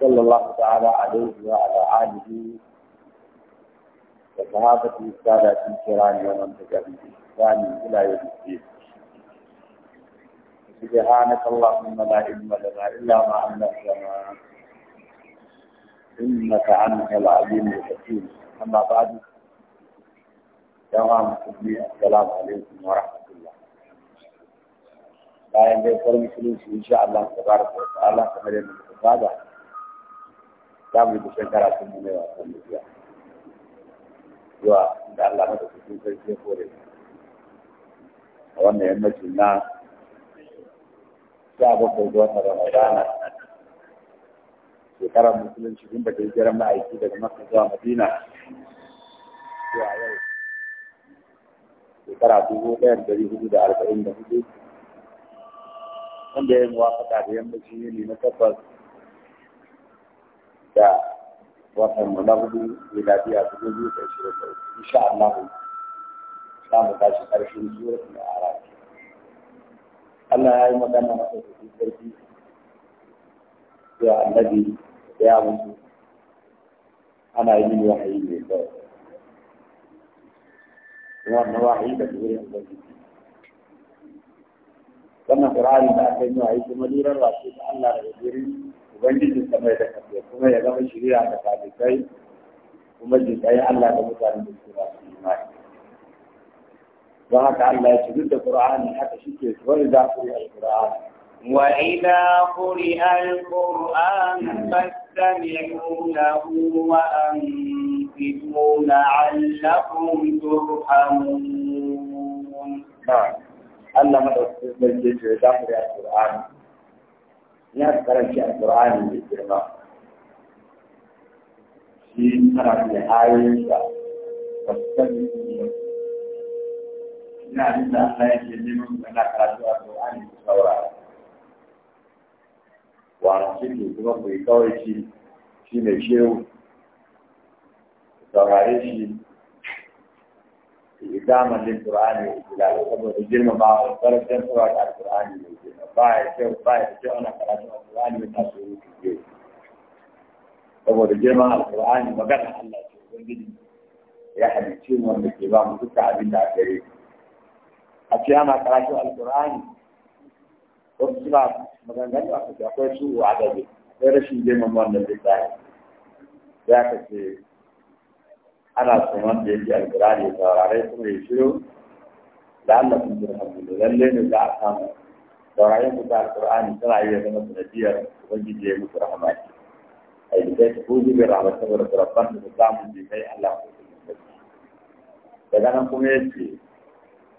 صلى الله تعالى عليه وعلى آله وصحابة السادة الكرام ومن تبعهم بإحسان إلى يوم الدين سبحانك اللهم لا علم لنا إلا ما علمتنا إنك أنت العليم الحكيم أما بعد دوام المسلمين السلام عليكم ورحمة الله لا ينبغي المسلمين إن شاء الله تبارك وتعالى كما لنا za mu yi shekara sun mu mai wasan mutuwa zuwa da Allah na da cikin sarki sai kore a wannan yammacin na sha bakwai ga watan Ramadana shekarar musulunci tun ke hijirar ma'aiki daga Makka zuwa Madina zuwa yau shekara dubu ɗaya da dari hudu da arba'in da hudu wanda ya yi muwafaka da yammacin yini na tabbas da watan mu na hudu miladiya dubu biyu da ashirin da uku insha Allah za mu tashi ƙarshen da a'raf Allah ya yi magana na ɗaukaki sarki ya annabi ya mutu ana yi wahayi mai kyau wannan wahayi da wurin ya wannan qur'ani da aka yi wahayi kuma lirar wasu da Allah da wurin ubangiji sama da kafe kuma ya zama shirya da talibai kuma jikai Allah da mutane da su ba su imani don haka Allah ya ce duk da Qur'ani haka shike wani za ku yi al-Qur'ani وإذا قرئ القرآن فاستمعوا له وأنصتوا لعلكم ترحمون. نعم. الله ما تقول من جد القرآن ya karanci a Qur'ani da girma shi karatu da ayoyin sa wasan ina jin da Allah ya ce neman kana karatu a Qur'ani da saura. wa shi ke kuma bai kawai shi shi mai shehu saurare shi Idan malli Al-Qur'ani zai ilalawa abidha jirma ba abidha ɗaliban abidha al-Qur'ani bai tafiya ba kushe ake karaso a Al-Qur'ani ba kasuwar waje. rashin jima'a na lallai ana son da yake alkurani ya saurare kuma ya shiru da Allah sun jira hamdu lalle ne za a samu sauraren ku da alkurani tana iya zama sanadiyar ubangiji ya musu rahama ce a yi da ku ji bi rahama saboda kurabban da samun bi kai Allah ku daga nan kuma ya ce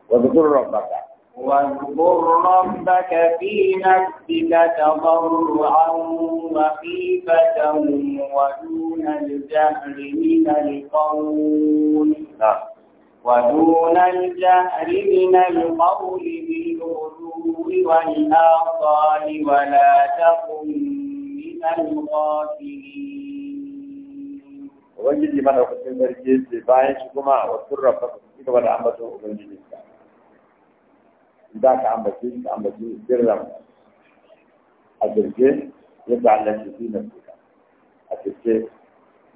wa zukur rabbaka واذكر ربك في نفسك تضرعا وخيفة ودون الجهر من القول ودون الجهر من القول بالغدو والآصال ولا تكن من الغافلين. وجد من أخذ من الجيش باين شكما وسر ربك في كبر أمته وبنجيبك. za ka ambace shi ka ambace sirran a jirge ya ta'allaci fi nafsika a jirge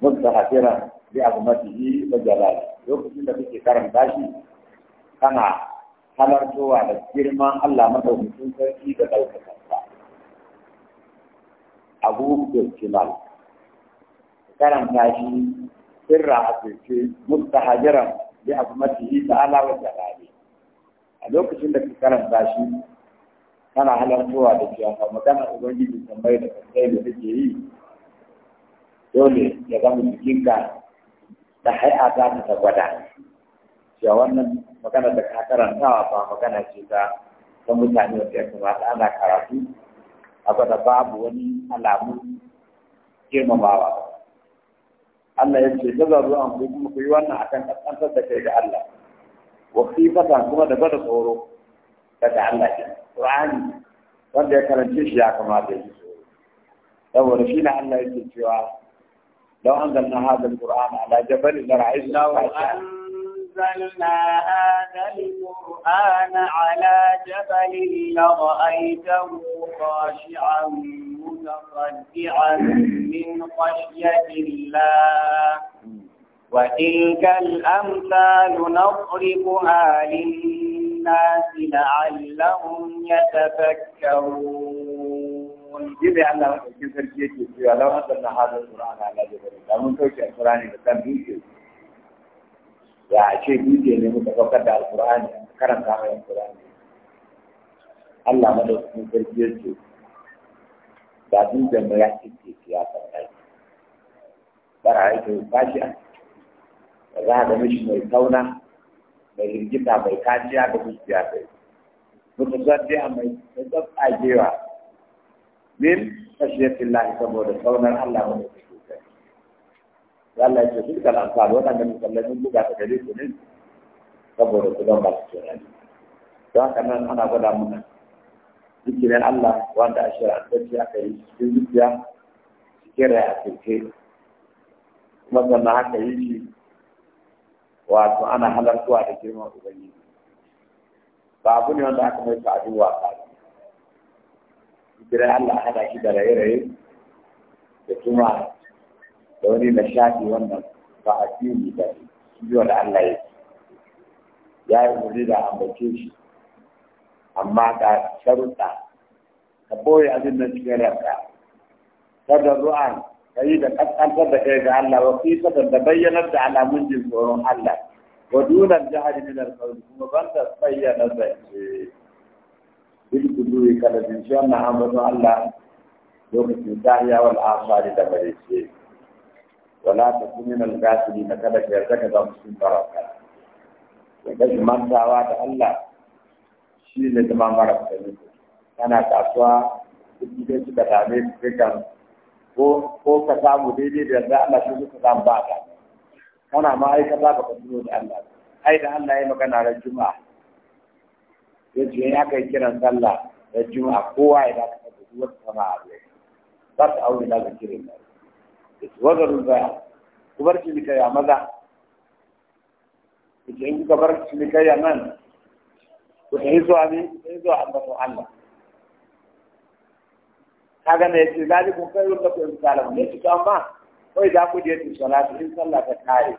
mutahatiran bi azmatihi yi jalali lokacin da kake karanta shi kana halartowa da girman Allah madaukakin sarki da ɗaukakansa abu kirkimal karanta shi sirra a kirki mustahajiran bi azmatihi ta'ala wa jalali a lokacin da ka karanta shi kana halartowa da cewa ba magana ubangiji tambayi da kasai da take yi dole ya zama jikinka da hai'a za ta ta gwada cewa wannan magana da ka karantawa ba magana ce ta ta mutane wanda ya kamata ana karatu a gwada babu wani alamun girmamawa Allah ya ce ta zaru an kuma ku yi wannan akan kan da kai da Allah وخيفتها كما دبت صورو تتعلق القرآن رب يكرم تشيا كما تشيا لو رشينا أن لا يتشيا لو أنزلنا هذا القرآن على جبل لرعزنا وحشان أنزلنا هذا القرآن على جبل لرأيته خاشعا متصدعا من خشية الله وتلك الأمثال نضربها للناس لعلهم يتفكرون جميع الله كفر جيتي في لو أنزلنا هذا القرآن على جبل لمن توجه القرآن بكم بيجي يا شيء بيجي لمن تفكر على القرآن كرم كامل القرآن الله ما sarki ya ce, Ba duk da ya ce ke ya faɗa, da za a ga mishi mai tauna mai rigita mai kaciya da zuciya ta yi mutu zaddi mai mai tsatsagewa min kashiyatin lahi saboda saunar Allah mai tsukai ya Allah ce su kan amfani waɗanda musallamin buga ta gare su ne saboda su don ba su tunani don haka nan ana gwada muna zikirin Allah wanda a shirantacce aka yi cikin zuciya cikin rai a kirke kuma sannan haka yi shi wato ana halartuwa da girman ubangiji ba abu ne wanda aka mai sa'adu wasa kira Allah hada shi da raye-raye da kuma da wani nishaɗi wannan ba a fiye da biyuwa da Allah ya ya yi wuri da ambace shi amma ga sharuɗa ka boye abin nan cikin ranka da ru'an kai da kaskantar da kai ga Allah wa sifatan da bayyanar da alamun jin tsoron Allah wa dunan jahari min al-qawl kuma banda bayyana zance bil kuduwi kada jin shi wannan ambaton Allah lokacin tahiya wal asari da bare ce wala ta kumin al-gasili na kada ka yarda ka za mu sun baraka ya kashi mantawa da Allah shi ne zama mara sani kana kasuwa duk da suka dame su kan ko ka samu daidai da yadda Allah shi suka samu ba ka kana ma ai ka za ka fasulo da Allah ai da Allah ya magana ran juma'a ya ce ya kai kiran sallah ran juma'a kowa ya da ka da wata sama a zai za ka auri da ka kiran Da ya ce wazarun zaya ku bar shi kai a maza ya ce in kuka bar shi kai a nan ku ta yi zuwa ne ta yi zuwa Allah kaga ya ce zalikun khairun lakum in ta'lamun ne to amma kai da ku je tun salatu in sallah ta kare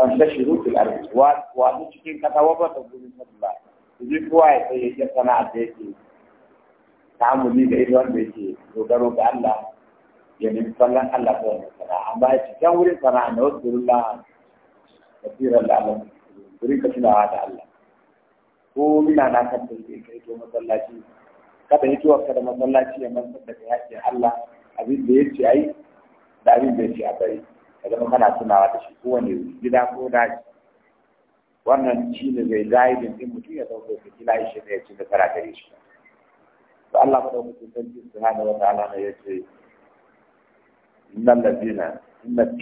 an ta shurutul ardi wa wa cikin kata wa ba ta gurin sallah ji kuwa ya ta ya sana'a da yake ta'amuli da irin wanda yake dogaro ga Allah ya nemi sallan Allah ko ne amma ya cikin wurin sana'a na wasu gurin da Allah gurin ka tunawa da Allah ko mina na kan da kai to masallaci kada hituwar ka da masallaci ya manta da yake Allah abin da ya ce ai da abin da ya ce a bari ka zama kana tunawa da shi kowane gida ko daji wannan shi ne zai zaidin din mutum ya zama da kila shi ne ya da kara gare shi to Allah sun sarki subhanahu wa ta'ala ne ya ce da zina.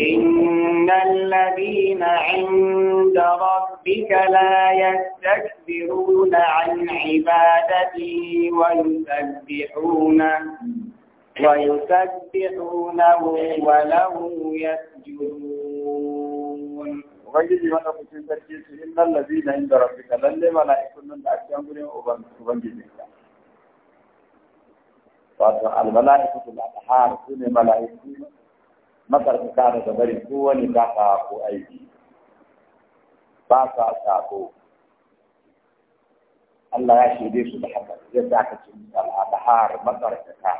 إن الذين عند ربك لا يستكبرون عن عبادته ويسبحونه ويسبحونه وله يسجدون. وغير ما نقول تركيز إن الذين عند ربك لا يملكون الأشياء من أوبن فالملائكة الأبحار كل ملائكة makarfuka daga bari kowane ba ka ko aiki ba ka sako Allah ya shaide su da haka zai da aka ce musu al'adahar makarfuka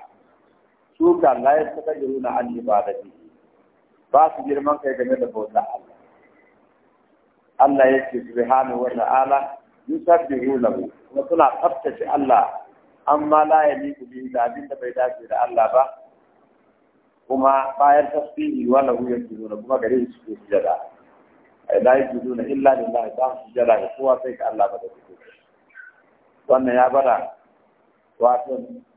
su ka Allah ya saka jiru na an ibadati ba su girman kai game da bauta Allah Allah ya ce subhanahu wa ta'ala yusabbihu lahu kuma suna tsaftace Allah amma la yaliku bihi da abin da bai dace da Allah ba kuma bayan tasbihi wa lahu yajiduna kuma gare shi suke sujada ai la yajiduna illa lillahi ba su sujada ga kowa sai ga Allah bada da su wannan ya bada wato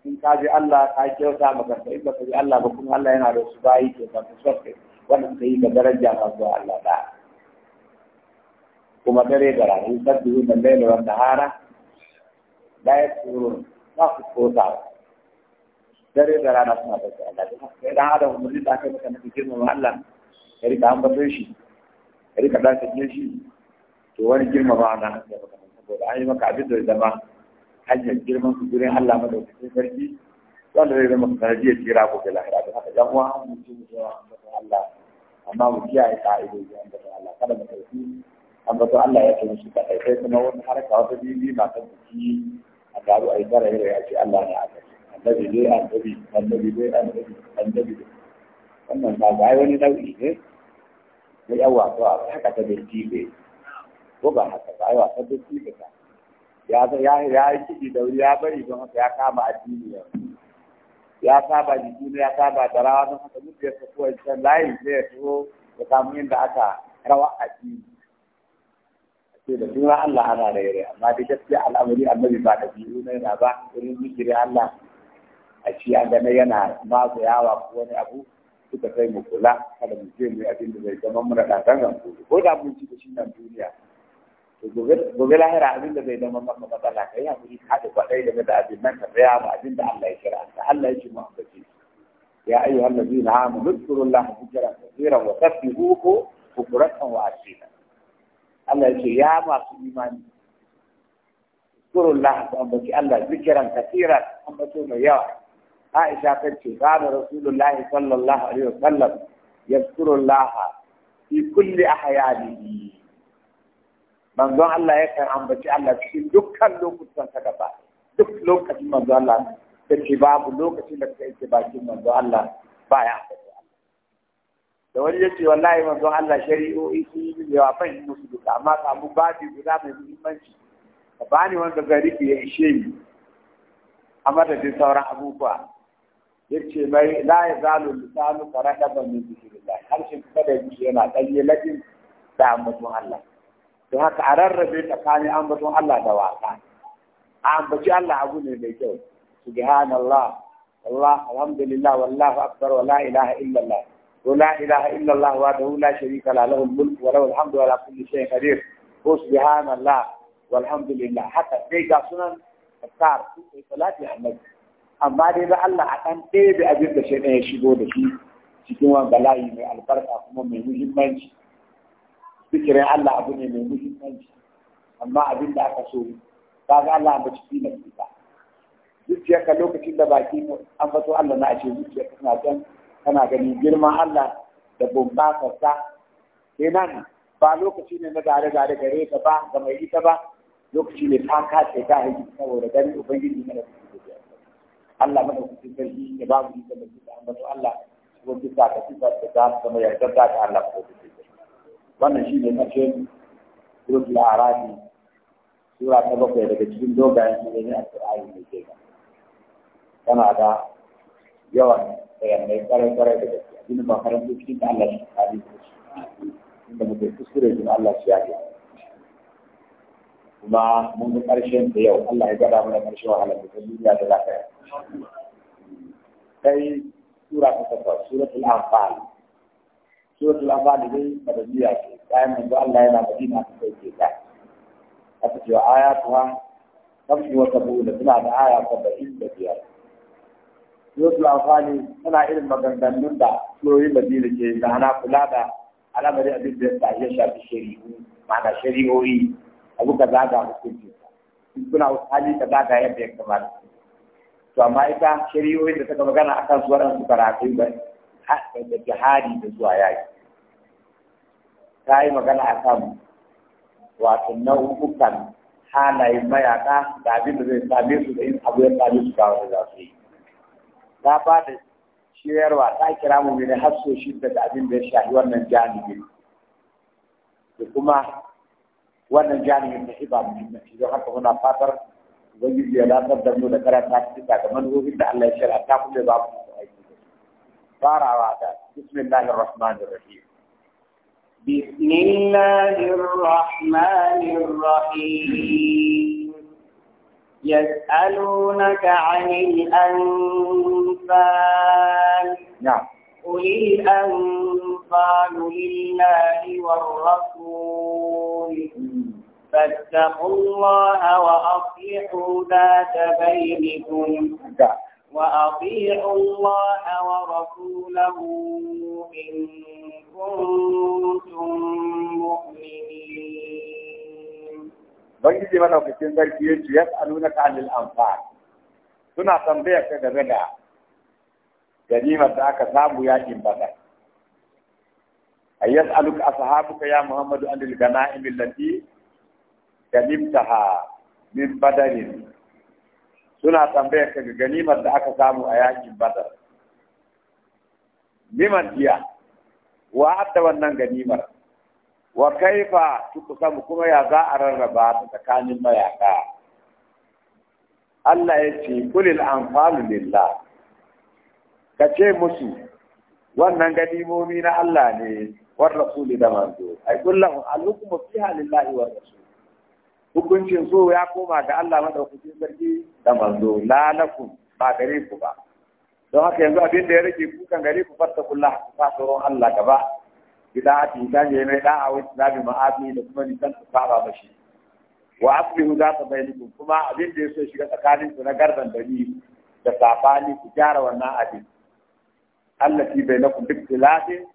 in ka bi Allah ka kyauta maka sai ba ka bi Allah ba kuma Allah yana da su bayi ke ba su sokke wannan sai ga daraja ka zuwa Allah da kuma dare da rayu sabbi da laila wa dahara da ya tsoro ba su kotawa dare da rana suna bauta Allah sai dan adam umarni da aka maka na girmama Allah ya rika ambaton shi ya rika dan sakin shi to wani girmama ana hanya maka saboda an yi maka abin da zama hanyar girman su gurin Allah madaukakin sarki wanda zai zama sanadiyar jira ko da lahira don haka yan uwa an mutu mu yawa da Allah amma mu kiyaye ka'idoji ambaton Allah kada mu ɗauki ambaton Allah ya tuni shi kaɗai sai kuma wani wata bibi a ya ce Allah ne annabi dai annabi annabi dai annabi annabi dai wannan ba ga wani nau'i ne da 'yan wasu a haka ta da jibe ko ba haka ba yawa ta da jibe ta ya ya ya yi kidi da ya bari don haka ya kama addini ya ya saba jiki ya saba da rawa don haka duk ya sako ya layi sai ya so ya samu yadda aka rawa addini sai da suna Allah ana rere amma da gaskiya al'amari annabi ba da biyu na na ba irin zikiri Allah a ci an gane yana matsa yawa ko wani abu suka kai mu kula kada mu je mu yi abin da zai zama muna ɗanɗan gobe ko da mun ci da shi nan duniya gobe lahira abin da zai zama maka matsala kai ya kuɗi haɗe kwaɗai game da abin nan ka tsaya ba abin da Allah ya kira ka Allah ya ce mu ambace ya ayyuha allazina amanu dhkurullaha dhikran kathiran wa sabbihuhu bukratan wa asila Allah ya ce ya masu imani dhkurullaha ku ambaci Allah dhikran kathiran ambato mai yawa Aisha ta ce kana Rasulullahi sallallahu alaihi wa sallam. wasallam yazkurullah fi kulli ahyanihi manzon Allah ya yakan ambaci Allah cikin dukkan lokutan sa gaba duk lokacin manzon Allah ta take babu lokacin da kai ke bakin manzon Allah baya ambaci Allah da wani yace wallahi manzon Allah shari'o'i sun yi yawa fahimci musu duka amma samu babi guda mai muhimmanci ka bani wanda zai rike ya ishe ni a madadin sauran abubuwa yace mai la yazalu lisanu karadaban min zikrillah harshen kada ji yana danye lakin da ambaton Allah to haka a rarrabe tsakanin ambaton Allah da wasa ambaci Allah abu ne mai kyau subhanallah Allah alhamdulillah wallahu akbar wa la ilaha illallah wa la ilaha illallah wahdahu la sharika la lahu al-mulk wa lahu al-hamdu wa la kulli shay'in qadir subhanallah walhamdulillah haka dai ga sunan tsar su salati annabi amma dai da Allah a ɗan ɗebe abin da shaidan ya shigo da shi cikin wanga layi mai albarka kuma mai muhimmanci Bikirin Allah abu ne mai muhimmanci amma abin da aka so ka ga Allah ba ciki na ba zuciyarka lokacin da baki an fato Allah na ashe zuciyarka tana can tana gani girman Allah da Sai kenan ba lokaci ne na gare-gare gare ka ba ga mai ita ba lokaci ne ta kace ta hanyar saboda ganin ubangiji na da Allah madaukakin sarki ya ba mu ikon da suka ambato Allah ko bisa ka sifa da za su zama yardar da Allah ko su wannan shi ne ƙarshen suratul arabi sura ta bakwai daga cikin dogayen shi ne alƙur'ani mai girma tana da yawan bayanai kwarai-kwarai da gaske abin da ba karanta cikin Allah shi kare da shi inda muke kuskure shi Allah shi ya gina kuma mun ga ƙarshen ta yau Allah ya gada mana ƙarshen wahalar da ta duniya da zaka kai sura ta takwas suratul anfal suratul anfal dai madaniya ce bayan manzo Allah yana madina ta kai ke ta aka ce ayatuha kamshi wa sabuna suna da aya saba'in da biyar suratul anfal tana irin maganganun da surorin madina ke da ana kula da alamari abin da ya shafi shari'u ma'ana shari'o'i abu ka zaga hukunci kuna hali ka zaga yadda ya kamata to amma ita shari'o'in da suka magana akan su waɗansu karatu ba da jihadi da zuwa yaki ta yi magana akan wato nau'ukan halayen mayaka da abin da zai same su da in abu ya same su ga wani za su yi ta ba da shirarwa ta kira mu ne har so da abin da ya shafi wannan janibin da kuma ونجاني من حباب من حباب حتى هنا فاتر ويجب لا تدرنو لكرا تاتي تاتي من هو إلا الله يشير أتاكم لباب فارع هذا بسم الله الرحمن الرحيم بسم الله الرحمن الرحيم يسألونك عن الأنفال نعم قل الأنفال لله والرسول م. فاتقوا الله وأصلحوا ذات بينكم وأطيعوا الله ورسوله إن كنتم مؤمنين. Bangiji madaukakin sarki ya ce, Yas'alunaka anil anfal. Suna tambayar ka game da ganimar aka samu yakin badar. Ayyas'aluka ashabuka ya Muhammadu anil ganaim allati da mimtaha min badarin suna tambayar ka ga ganimar da aka samu a yakin badar liman jiya wa hatta wannan ganimar wa kaifa tukusamu kuma ya za a rarraba ta tsakanin mayaka Allah ya ce kulil anfalu lillah ka ce musu wannan ganimomi na Allah ne war rasuli da manzo ai kullahu alukum fiha lillahi war rasul hukuncin so ya koma ga Allah madaukakin sarki da manzo la lakum ba gare ku ba don haka yanzu abin da ya rage ku kan gare ku farta kullah ku fa tsoron Allah gaba bid'a ti ta ne mai da'a wa islami ma'azi da kuma ni ba fara bashi. wa za ta bayyana kuma abin da ya so shiga tsakanin ku na gardan dari da safani ku gyara wannan abin Allah ti bainakum bi tilafi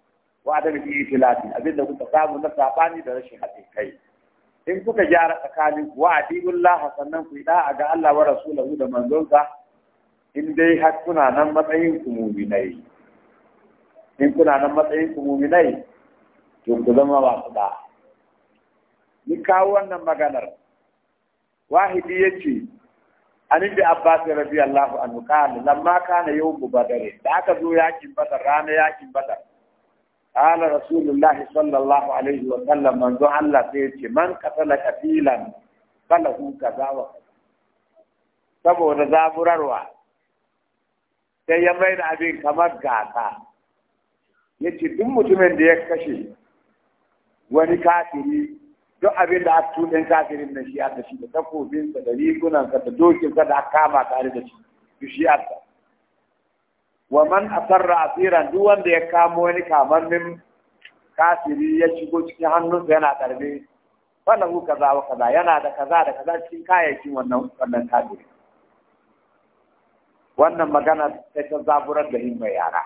wa adam bi tilafi abin da ta samu na safani da rashin haɗin kai in kuka gyara tsakanin wa adibullah sannan ku da ga Allah wa rasulahu da manzonsa in dai har kuna nan matsayin ku mu'minai in kuna nan matsayin ku mu'minai to ku zama wasu da ni kawo wannan maganar wahidi yace an inda Abbas radiyallahu anhu kana lamma kana yawm badar da aka zo yakin badar rana yakin badar قال رسول الله صلى الله عليه وسلم من ذو الله سيتي من قتل قتيلا فله كذا وكذا saboda zaburarwa sai ya mai da abin kamar gata ya ce duk mutumin da ya kashe wani kafiri duk abin da aka tuɗin kafirin na shi a shi da takobinsa da rigunansa da dokinsa da aka kama tare da shi shi aka wa man asarra asiran duk wanda ya kamo wani kamannin kafiri ya shigo cikin hannunsa yana karbe falahu kaza wa kaza yana da kaza da kaza cikin kayayyakin wannan wannan kafiri wannan magana sai ta zaburar da himmar yara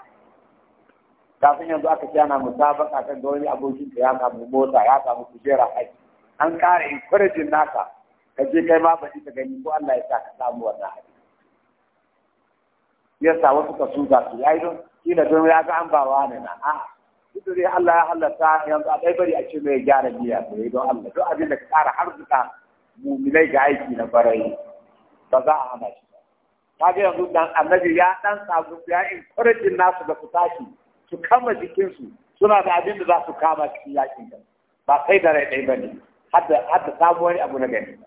kafin yanzu aka ce ana musabaka kan ga wani abokin ka ya samu mota ya samu kujera aiki an kara encouraging naka ka je kai ma ba ka gani ko Allah ya sa ka samu wannan aiki ya sa wasu ka su su ya yi don na don ya ga an bawa ne na a duk dai Allah ya halatta yanzu a ɗai bari a ce mai gyara niyya ya yi don Allah duk abin da ka tsara har zuka mu'minai ga aiki na farai ba za a hana shi ba ga yanzu dan annabi ya dan sabu ya encourage nasu da su tashi su kama jikinsu suna da abin da za su kama cikin yakin da ba sai da rai ɗai ba ne hadda samu wani abu na gani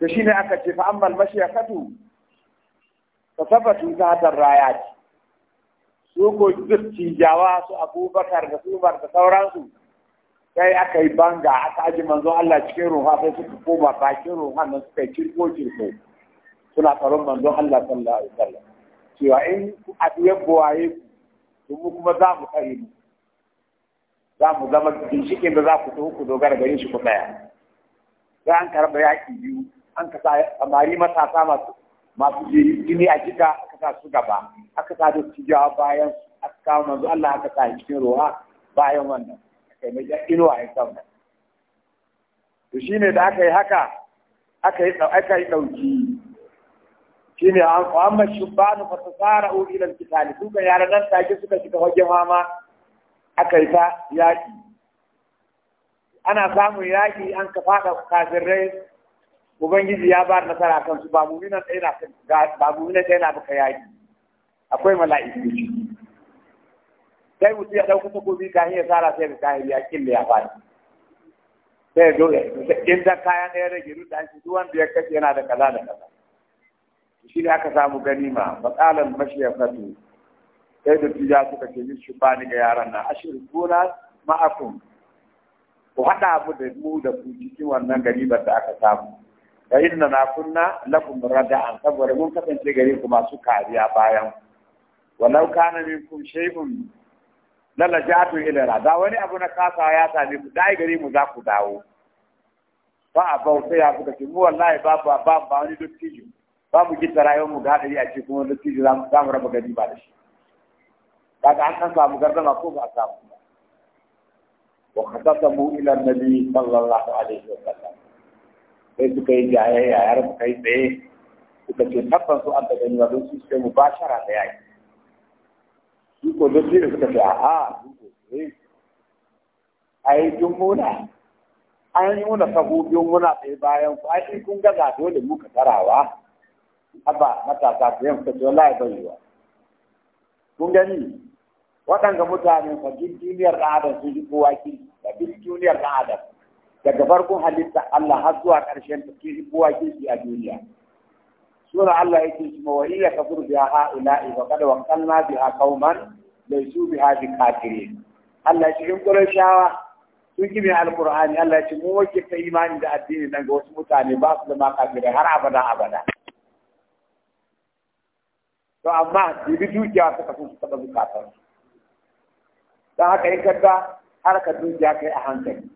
to shine aka ce fa ammal mashiyakatu fasafatu ta hatar raya ce su ko dattijawa su abubakar da sumar da sauransu sai aka yi banga aka aji manzo Allah cikin ruha sai suka koma bakin ruha nan suka yi kirko kirko suna tsaron manzo Allah sallallahu alaihi wasallam cewa in a ɗiye buwaye ku mu kuma za mu kare mu za mu zama ginshikin da za ku tuhu ku dogara gare shi ku tsaya sai an karɓa yaƙi biyu an ka samari matasa masu masu jini a jika aka sa su gaba aka sa su jawa bayan aka kawo manzo Allah aka sa cikin ruwa bayan wannan aka yi mai inuwa ya sauna to shine da aka yi haka aka yi aka yi dauki shine an amma shubanu fa tasara'u ila al-qital su ga yaran nan take suka shiga wajen hama? aka yi ta yaki ana samun yaki an ka fada kafirai ubangiji ya ba nasara kan su ba mu ɗaya tsaye na baka yaki akwai mala'iku sai mutum ya ɗauki takobi ka ya tsara sai da kayan ya kille ya faɗi sai zo in da kayan ɗaya rage duk da duwan da ya kashe yana da kaza da kaza shi ne aka samu ganima matsalan mashiyafatu sai da tuja suka ce min ni ga yaran nan ashirin gona ma'akun ku haɗa abu da mu da ku cikin wannan garibar da aka samu fa inna na kunna lakum rada'an saboda mun kasance gare ku masu kariya bayan walau kana kun shay'un la lajatu ila rada wani abu na kasa ya sami ku dai gare mu za ku dawo fa abau sai ya kuka ce mu wallahi babu babu ba wani Ba mu gita rayuwar mu gaɗa yi a ce kuma dottijo za mu raba gari ba da shi kaga an san samu gardama ko ba a samu ba wa khatamu ilar nabi sallallahu alaihi wa sallam sai suka yi jayayya har suka kai tsaye suka ce tabbas su an daga yiwa don su suka mu ba shara da yaki su ko don da suka ce a'a su ko sai A tun muna an yi muna sahu biyun tsaye bayan ku ai kun gaza dole muka tarawa haba matasa su yin fito lai baiwa kun gani waɗanda mutane fa duk duniyar ɗan adam sun ji kowa ki da duk duniyar ɗan adam daga farkon halitta Allah har zuwa ƙarshen ta yi kowa kirki a duniya sura Allah ya ce kuma wani iya kafur biha ha'ula'i wa biya waqalna biha su biya biha kafire. Allah ya shi in shawa sun kimi alqur'ani Allah ce mu wake ta imani da addini nan ga wasu mutane ba su zama kafire har abada abada to amma bibi dukiya suka sun su taɓa zukatar don haka in har ka dukiya kai a hankali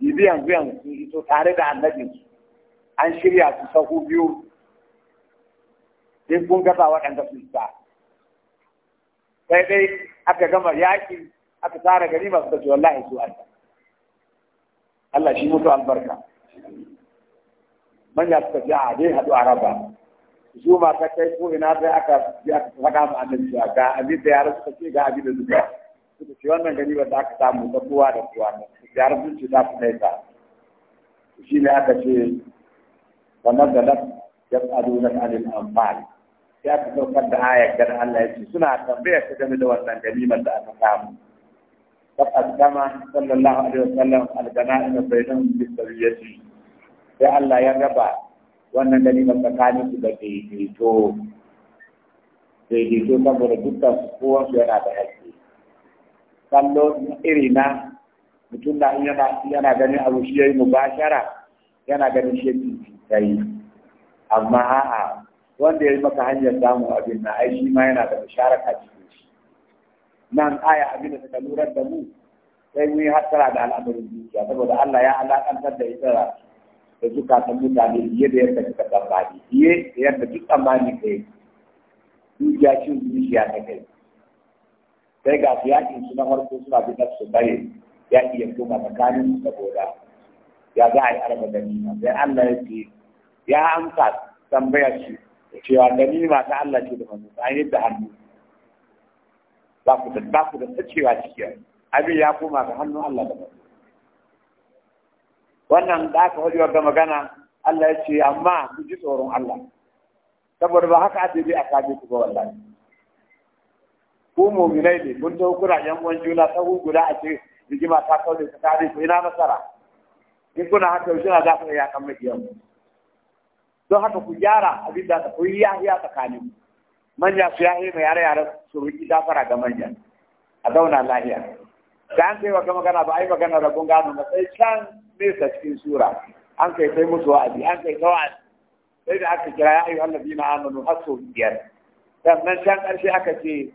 bibiyan biyan sun ito tare da annabin su an shirya su sahu biyu in kun gaba waɗanda su isa sai dai aka gama yaƙi aka tsara gari masu da wallahi su Allah Allah shi mutu albarka manya suka ji a dai haɗu a raba su ma ta kai ko ina sai aka ji aka faɗa mu annabi ga abin da yara suka ce ga abin da zuba suka ce wannan ganimar da aka samu ta kowa da kowa ne yaran sun ta za su kai ta shi ne aka ce wa nazalat yas'alunaka anil amal sai aka saukar da ayar da Allah ya ce suna tambayar su game da wannan ganimar da aka samu ta kama sallallahu alaihi wasallam bai nan bainahum bi sariyati sai Allah ya raba wannan ganimar tsakanin su da daidaito daidaito saboda dukkan kowa su yana da haƙƙi kallo iri na mutum na yana yana ganin abu shi yayi mubashara yana ganin shi yayi amma a'a wanda ya yi maka hanyar samu abin na ai shi ma yana da ka cikin shi nan aya abin da suka lura da mu sai mun yi hatsara da al'amarin duniya saboda Allah ya alakantar da ita da suka ta mutane biye da yadda suka tambaye. fiye da yadda duk tambaye kai ya cin zuciya ta kai sai ga su yakin su na farko suna bi na su bare ya iya koma tsakanin saboda ya za a yi arba ganima sai Allah ya ce ya amsa tambayar shi cewa ganima ta Allah ce da manzo an yi da hannu ba ku da ba ku da tacewa cikin abin ya koma ga hannun Allah da manzo wannan da aka hujjar da magana Allah ya ce amma ku ji tsoron Allah saboda ba haka ake bi a kaji ku ba wallahi ko mominai ne kun ta hukura yan uwan juna ta guda a ce rigima ta kaure ta tare Ko ina nasara in kuna haka yaushe na za ku ya kan makiyan don haka ku gyara abin da ku yi yahiya tsakanin manya su yahi mai yare yare su riki dafara ga manya a zauna lahiya da an kai wata magana ba a yi magana rabon gano Na sai can nesa cikin sura an kai sai musu wa'azi an kai ta wa'azi sai da aka kira ya ayyuhan ladina amanu har biyar sannan can ƙarshe aka ce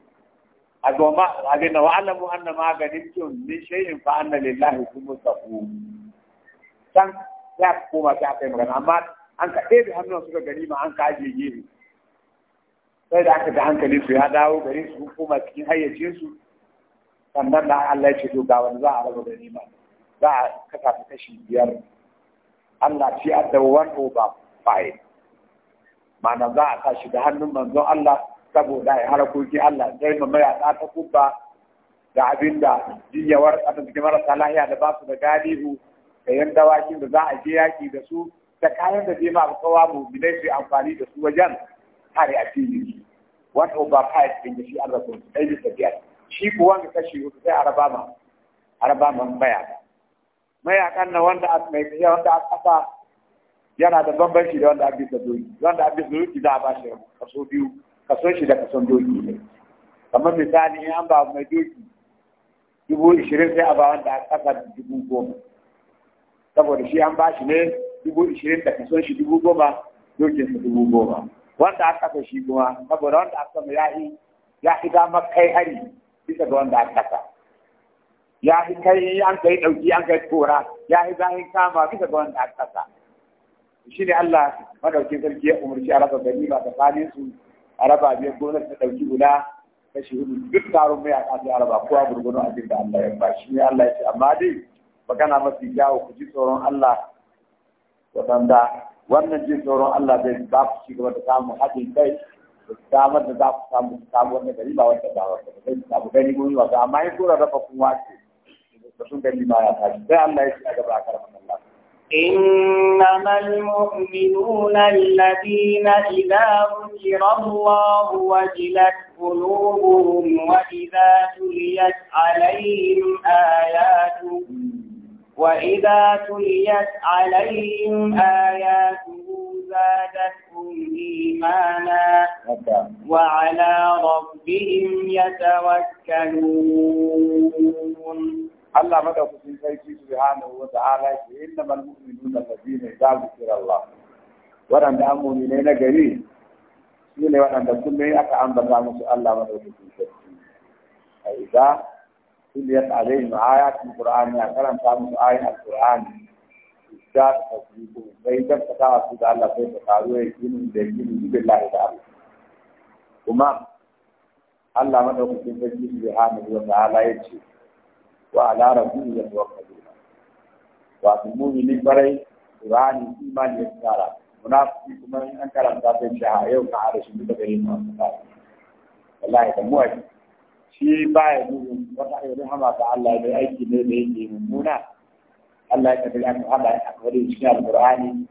agoma agina wa alamu anna ma ganittum min shay'in fa anna lillahi khumsahu san ya koma ta kai magana amma an ka da hannun suka gani ma an ka ajiye gefe sai da aka ga hankali su ya dawo gari su kuma cikin hayyacin su sannan da Allah ya ce to ga wani za a raba gani ma za a kasa ta kashi biyar Allah ce a da one over five ma'ana za a kashi da hannun manzon Allah saboda ya harakoki Allah sai mu mai ta ta kubba da abinda da jiyawar cikin marasa lahiya da ba su da galihu da yan dawakin da za a je yaƙi da su da kayan da zai ma kowa mu bidai su amfani da su wajen hari a fili wata ba five cikin da shi an ko sai da biya shi kuwa ga kashi hudu sai araba ma araba ma mayaka mayakan na wanda a mai tafiya wanda a kafa yana da bambanci da wanda a bisa doki wanda a bisa doki za a ba shi kaso biyu kason shi da kason doki ne kamar misali in an ba mai doki dubu ishirin sai a ba wanda a kasa dubu goma saboda shi an ba shi ne dubu ishirin da kason shi dubu goma dokin su dubu goma wanda aka kasa shi kuma saboda wanda aka kasa ya yi ya fi damar kai hari bisa ga wanda aka kasa ya fi kai an kai ɗauki an kai kora ya fi zahin kama bisa ga wanda aka kasa shi ne Allah madaukin sarki ya umarci a raba ganima tsakanin su Araba raba gwamnati ta ɗauki guda kashi hudu duk taron mai a ƙasa araba kowa gurgurun abin da Allah ya ba shi ne Allah ya ce amma dai magana mafi kyawu ku ji tsoron Allah wadanda wannan ji tsoron Allah zai ba ku ci gaba da samun haɗin kai da samar da za ku samu ku samu wannan gari ba wanda ba wanda ba zai samu gani gumi wasa amma in tura rafa kuma ce da sun gani ma ya tashi sai Allah ya ce a gaba a karɓar إنما المؤمنون الذين إذا ذكر الله وجلت قلوبهم وإذا تليت عليهم آياته وإذا تليت عليهم آياته زادتهم إيمانا وعلى ربهم يتوكلون Allah madaukakin sarki subhanahu wa ta'ala ke innamal mu'minuna allazina idza zikira Allah waɗanda an mu'minai na gari su ne waɗanda kullum aka ambata musu Allah madaukakin sarki a idza kulliyat alaihim ayatul qur'ani a karanta musu ayatul qur'ani idza tasbihu bai da fatawa su da Allah sai ta karo ya kinu da kinu billahi ta'ala kuma Allah madaukakin sarki subhanahu wa ta'ala ya ce wa ala rabbi ya tawakkaluna wato mu'minin barai qur'ani imani ya tsara munafiki kuma in an karanta ta jiha yau ka ara shi da gari ma wallahi da mu shi baya nuna wata ayyukan hama ta Allah da aiki ne da yake mummuna Allah ya tafi aka a kawai cikin alqur'ani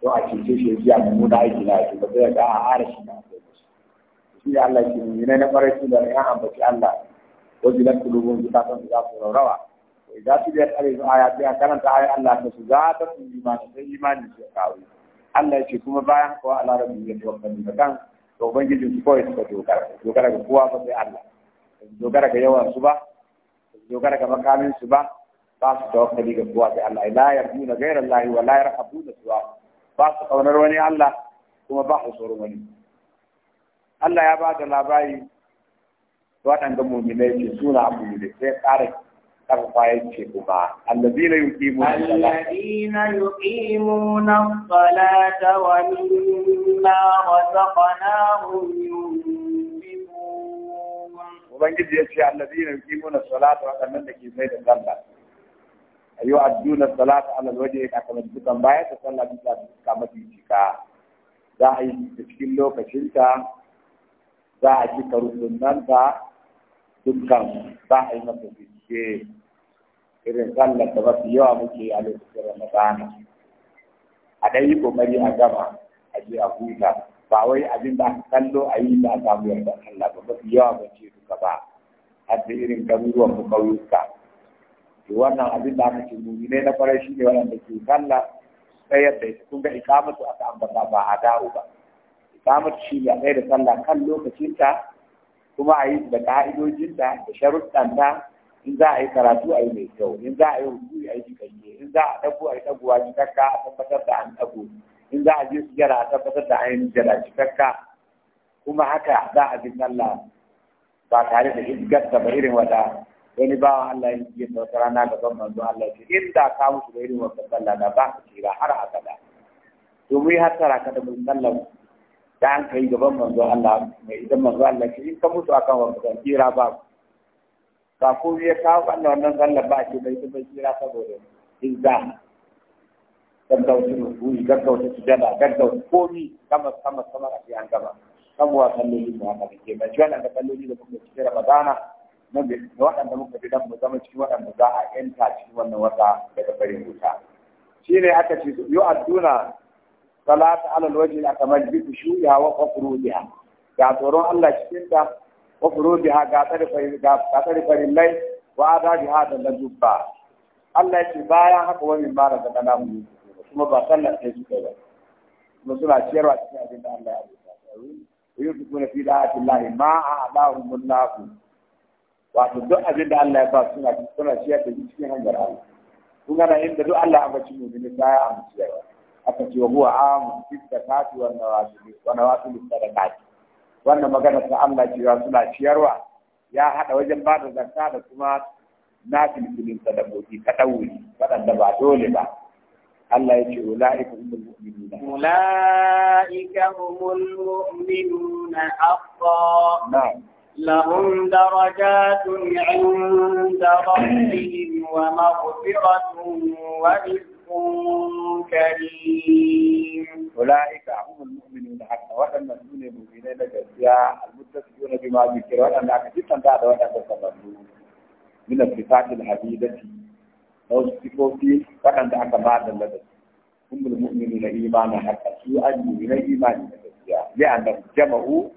to a cece shi ya mummuna aiki na shi ba sai ga a ara shi na shi Allah ke nuna na farin da ya ambaci Allah wajilat qulubuhum zukatan idza qulu rawa idza tuliyat alaihim ayatu ya karanta ayat Allah ta su zata su imani sai imani su kawo Allah ce kuma bayan ko ala rabbi yadda tawakkalu da kan to ubangiji su kawai suka dogara dogara ga kowa ba sai Allah dogara ga yawan su ba dogara ga makamin su ba ba su tawakkali ga kowa sai Allah la yarjuna ghayra Allah wa la da suwa ba su kaunar wani Allah kuma ba su tsoron wani Allah ya ba da labari waɗanda mu'minai ce suna mu'minai sai ƙara ƙarfa ya ce kuma allazina yuqimuna allazina ubangiji ya ce allazina yuqimuna as-salata waɗannan da ke mai da sallah ayu adduna as-salata ala al-wajhi ka kamar dukan baya ta sallah bisa kamar cika za a yi cikin lokacinta za a cika rukunan da dukkan za a yi masa bincike irin sallar da mafi yawa muke a lokacin ramadana a ɗan yi ƙoƙari a gama a je a huta ba wai abin da aka kallo a yi da aka samu da Allah ba mafi yawa ba ce duka ba har da irin garuruwan mu ƙauyuka to wannan abin da aka ce ne na farar shi ne waɗanda ke sallah sayar da ita kun ga ikamatu aka ambata ba a dawo ba ta mata shi ya da sallah kan lokacinta kuma a yi da ka'idojinta da sharuɗanta in za a yi karatu a yi mai kyau in za a yi rubutu a yi jikanye in za a ɗago a yi ɗagowa jikakka a tabbatar da an ɗago in za a je su gyara a tabbatar da an yi jira jikakka kuma haka za a bi sallah ba tare da izgarta ba irin wata wani bawan Allah ya yi da wata rana gaban manzo Allah ce in da ka musu da irin wata sallah na ba ka tsira har abada to mu yi hattara ka da mun sallah da an kai gaban manzo Allah mai idan manzo Allah shi in ka mutu akan wannan ga kira ba ba ko ya kawo Allah wannan sallar ba shi bai bai kira saboda izza dan dauki ruhi dan dauki sujada dan dauki komi kama kama kama a cikin gaba sabuwa salloli da haka ke ba shi wannan salloli da kuma cikin Ramadana na da waɗanda muka bi dan mu zama cikin waɗanda za a yanta cikin wannan wata daga farin wuta shine aka ce aduna. salata alal wajhi akamar bi ya wa biha ya tsoron Allah cikin ta wa biha ga tare fari ga tare fari lai wa ada hada da dubba Allah ce bayan haka wani mara da kana mu kuma ba sallar sai suka ba kuma suna ciyarwa cikin abin da Allah ya rubuta yunfiquna fi da'ati Allah ma a'dahum Allah wato duk abin da Allah ya ba suna suna ciyar da cikin hangar Allah kun ga inda duk Allah ya bace mu ne baya yawa. aka ce huwa amun fi zakati wa nawafil wa nawafil sadaqati wannan magana ta Allah cewa suna ciyarwa ya hada wajen ba da zakka da kuma na filfilin sadakoki ta ɗauri waɗanda ba dole ba Allah ya ce ula'ika humul mu'minuna ula'ika humul mu'minuna haqqan na'am لهم درجات عند ربهم ومغفرة وأجر كريم أولئك هم المؤمنون حتى وأن نسون المؤمنين جزياء المتسجون بما ذكر وأن أكتبت أن تعد وأن تتبعون من الصفات الحديدة أو الصفات وأن تعد لدى هم المؤمنون إيمانا حتى سوء من إيمان جزياء لأنهم جمعوا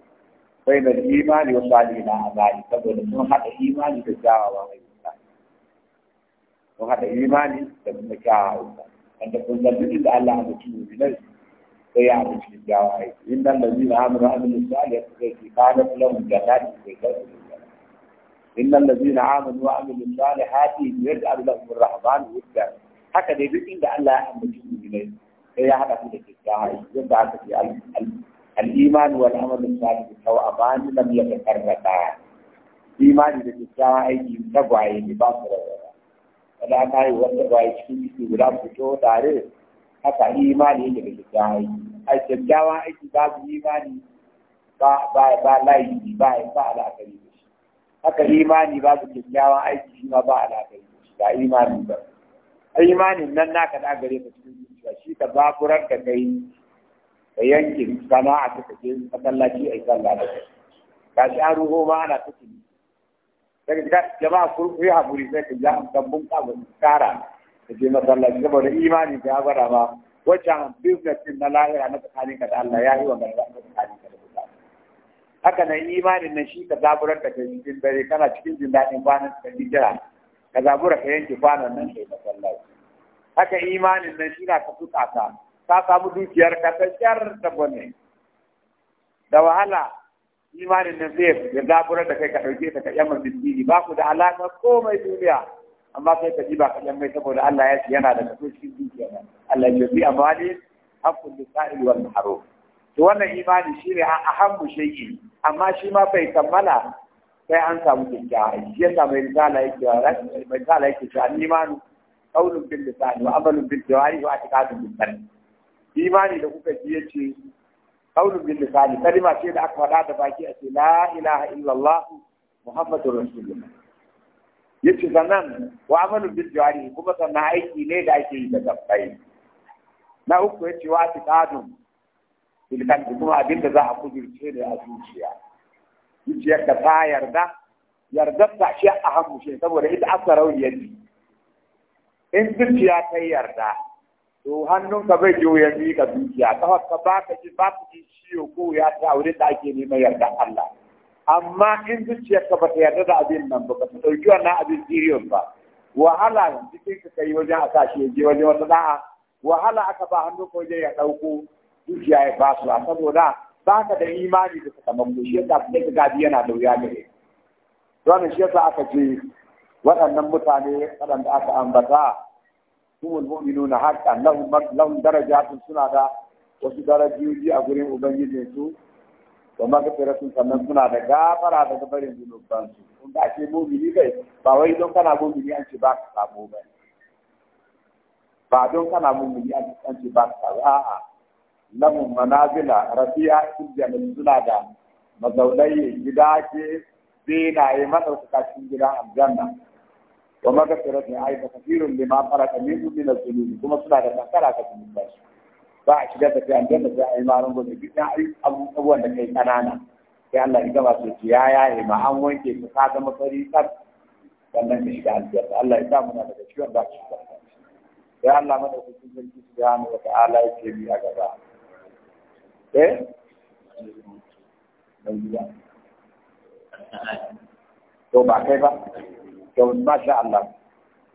بين الإيمان وصالحنا أعمالهم فبدأ سنحة إيمان جزاء وغيره وهذا إيماني تبنك عند كل الذين إلا الله أمتين بنزل فيا أمتين جواهي إن الذين آمنوا أمن الصالح فيكي كانت لهم جنات إن الذين آمنوا وعملوا الصالحات يجعل لهم الرحمن ودا حتى يبقى إن الله أمتين بنزل فيا أمتين جواهي يبقى في الإيمان والعمل الصالح سواء لم يتفرقا إيمان بالجواهي يتبعي لباطل الله wanda aka haihu wanda ba ya cikin ciki guda fito tare haka imani yake da kyakkyawan aiki a kyakkyawan aiki babu imani ba ba ba layi ba ba al'akari da shi haka imani babu kyakkyawan aiki shi ma ba al'akari da shi ba imani ba imanin nan naka da gare ka cikin zuciya shi ka zaburar da kai da yankin sana'a ta kaje masallaci ai sallah da kai Ga shi an ruho ma ana cikin daga gida jama'a ku yi haƙuri sai ka ja sabbin kaga kara da ke masallaci saboda imani ka ya gwada ma waccan business din na lahira na tsakanin ka da Allah ya yi wa garba na tsakanin ka da mutane haka nan imanin nan shi ka zaburar da kai cikin dare kana cikin jin daɗin kwanan ka jira ka zabura ka yanke kwanan nan kai masallaci haka imanin nan shi na ka fuka ka ka samu dukiyar ka ta kyar da bane da wahala imanin nan zai ya zaburar da kai ka ɗauke ta ka yamma miskini ba ku da alaƙa komai duniya amma kai ka ba ka mai saboda Allah ya ce yana da kaso cikin dukiya Allah ya bi amali hakkun lisa'il wal mahrum to wannan imani ne a ahammu shay'in amma shi ma bai kammala sai an samu kyakkyawa shi yasa mai risala yake mai risala yake cewa imanu qaulun bil lisan wa amalun bil jawari wa i'tiqadun bil qalbi imani da kuka ji yace qaulun bil lisani kalima ce da aka faɗa da baki a ce la ilaha illallah muhammadur rasulullah yace sannan wa amalu bil jawari kuma sannan aiki ne da ake yi da gabbai na uku yace wa tiqadun bil qalbi kuma abinda za a kujirce da a zuciya zuciyar ka ta yarda yarda ta shi a hannu shi saboda ita aka rauniyar in zuciya ta yarda to ka bai je ya miƙa dukiya haka ba ka ji ba ka ji ciwo ko ya ta aure da ake neman yarda Allah amma in zuciyarka ba ta yarda da abin nan ba ka ta ɗauki wannan abin serious ba wahala cikin ka kai wajen a sashi ya je wajen wata da'a wahala aka ba hannu ka wajen ya ɗauko dukiya ya ba su saboda ba ka da imani da sakamako shi yasa sai ka gabi yana da wuya ne don shi yasa aka je waɗannan mutane waɗanda aka ambata humul mu'minuna haqqan lahum lahum darajatun suna da wasu darajoji a gurin ubangijin su wa magfiratun sannan suna da gafara daga barin zunuban su kun da ake mu'mini kai ba wai don kana mu'mini an ce ba ka sabo ba ba don kana mu'mini an ce ba ka sabo a'a lahum manazila rafi'a fil jannati suna da mazaunai gida ce benaye madaukaka cikin gidan aljanna wa magfirat ne ai kafirun lima faraka min min az kuma suna da kankara ka cikin su. ba a shiga tafiya an danna sai ai maran gobe bidan yi abubuwan da kai kanana sai Allah ya gaba ya yaye ma'an an wanke su ka zama fari tsaf sannan ka shiga aljanna Allah ya sa muna daga ciwon da shi ya Allah ta'ala gaba eh ba kai ba ما شاء الله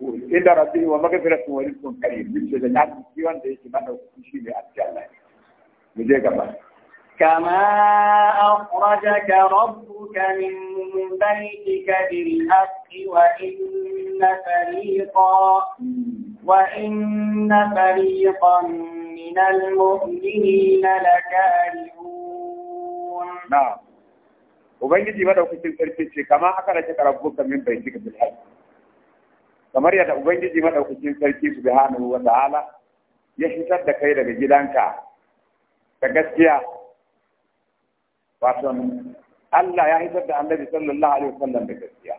وإذا ربي ومغفرة ورزق كريم من شجاعة الديوان ليس معه كل شيء بأبدي الله مجيك الله كما أخرجك ربك من بيتك بالحق وإن فريقا وإن فريقا من المؤمنين لكارهون نعم ubangiji madaukakin sarki ce kama aka rake ka min baitika bil haqq kamar yadda ubangiji madaukakin sarki subhanahu wa ta'ala ya fitar da kai daga gidanka da gaskiya wato Allah ya hitar da annabi sallallahu alaihi wasallam da gaskiya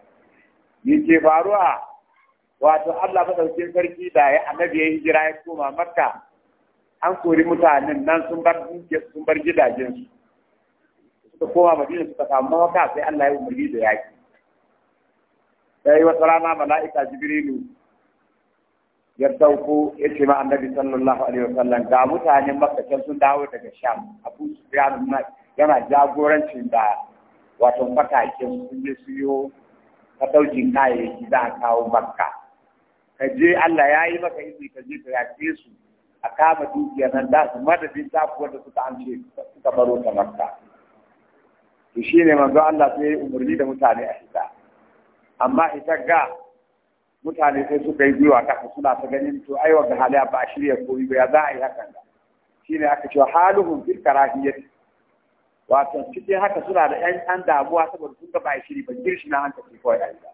ni ke faruwa wato Allah madaukakin sarki da ya annabi ya hijira ya koma makka an kori mutanen nan sun bar sun bar gidajensu suka koma madina suka samu mawaka sai Allah ya umarni da yaki sai wata rana mala'ika jibrilu ya dauko ya ce ma annabi sallallahu alaihi wasallam ga mutanen makka sun dawo daga sham abu sufyan yana jagorancin da wato fakakin sun yi suyo yo ka dauki kayayyaki za a kawo makka ka je Allah ya yi maka izini ka je ka yaƙe su a kama dukiya nan da su madadin takuwar da suka amce suka baro ta makka to ne manzo Allah sai umurni umarni da mutane a hita amma ita ga mutane sai suka yi biyu a kasa suna ta ganin to ai wanda hali ba a shirya koyi ba ya za a yi hakan da ne aka cewa haluhum fil karahiyyati wato cikin haka suna da ƴan an damuwa saboda sun ga ba a shiri ba girshi na hanta kawai a hita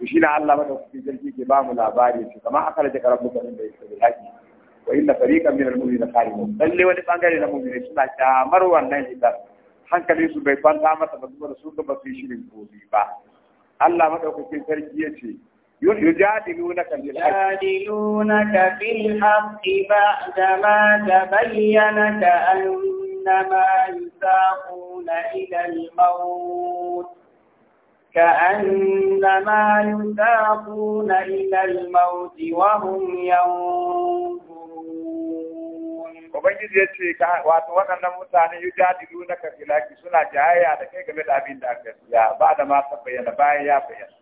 to ne Allah madaukakin sarki ke ba mu labari shi kamar aka rage karamu garin da yake da haƙi wa inna fariqan min al-mu'minina karimun lalle wani bangare na mu'mini suna kyamar wannan hitar hankalinsu bai kwanta mata ba kuma su gaba su yi shirin gobe ba Allah madaukakin sarki ya ce yujadilunaka fil haqqi yujadilunaka fil haqqi ba'da ma tabayyana ka annama yusaquna ila al maut ka'annama yusaquna ila al maut wa hum yanzurun ubangiji ya ce wato waɗannan mutane yu jadilu na kafilaki suna jayayya da kai game da abin da aka siya, ba da ma ta bayyana bayan ya bayyana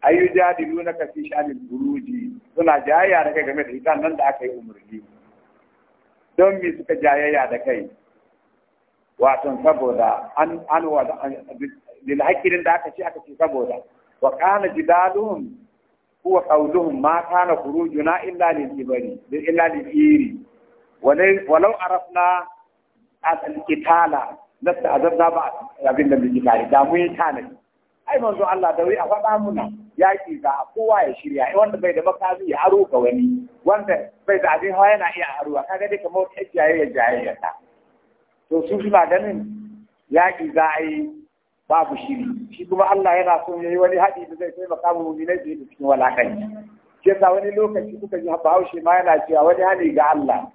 ayu jadilu na kafi shanin buruji suna jayayya da kai game da ita nan da aka yi umarni don me suka jayayya da kai wato saboda an an wada lil hakirin da aka ce aka ce saboda wa kana jidaluhum huwa qawluhum ma kana khurujuna illa lil ibari illa lil iri walau arafna al-qitala lasta azabna ba abin da muke tare da mu yi tanadi ai manzo Allah da wai a faɗa muna yaki ga kowa ya shirya wanda bai da makami ya aro ga wani wanda bai da abin hawa yana iya aro. kaga dai kamar wata jayayya jayayya ta to su suna ganin yaki za a yi babu shiri shi kuma Allah yana so ya yi wani haɗi da zai taimaka mu mu'minai su yi cikin walakanci shi yasa wani lokaci kuka ji Bahaushe ma yana cewa wani hali ga Allah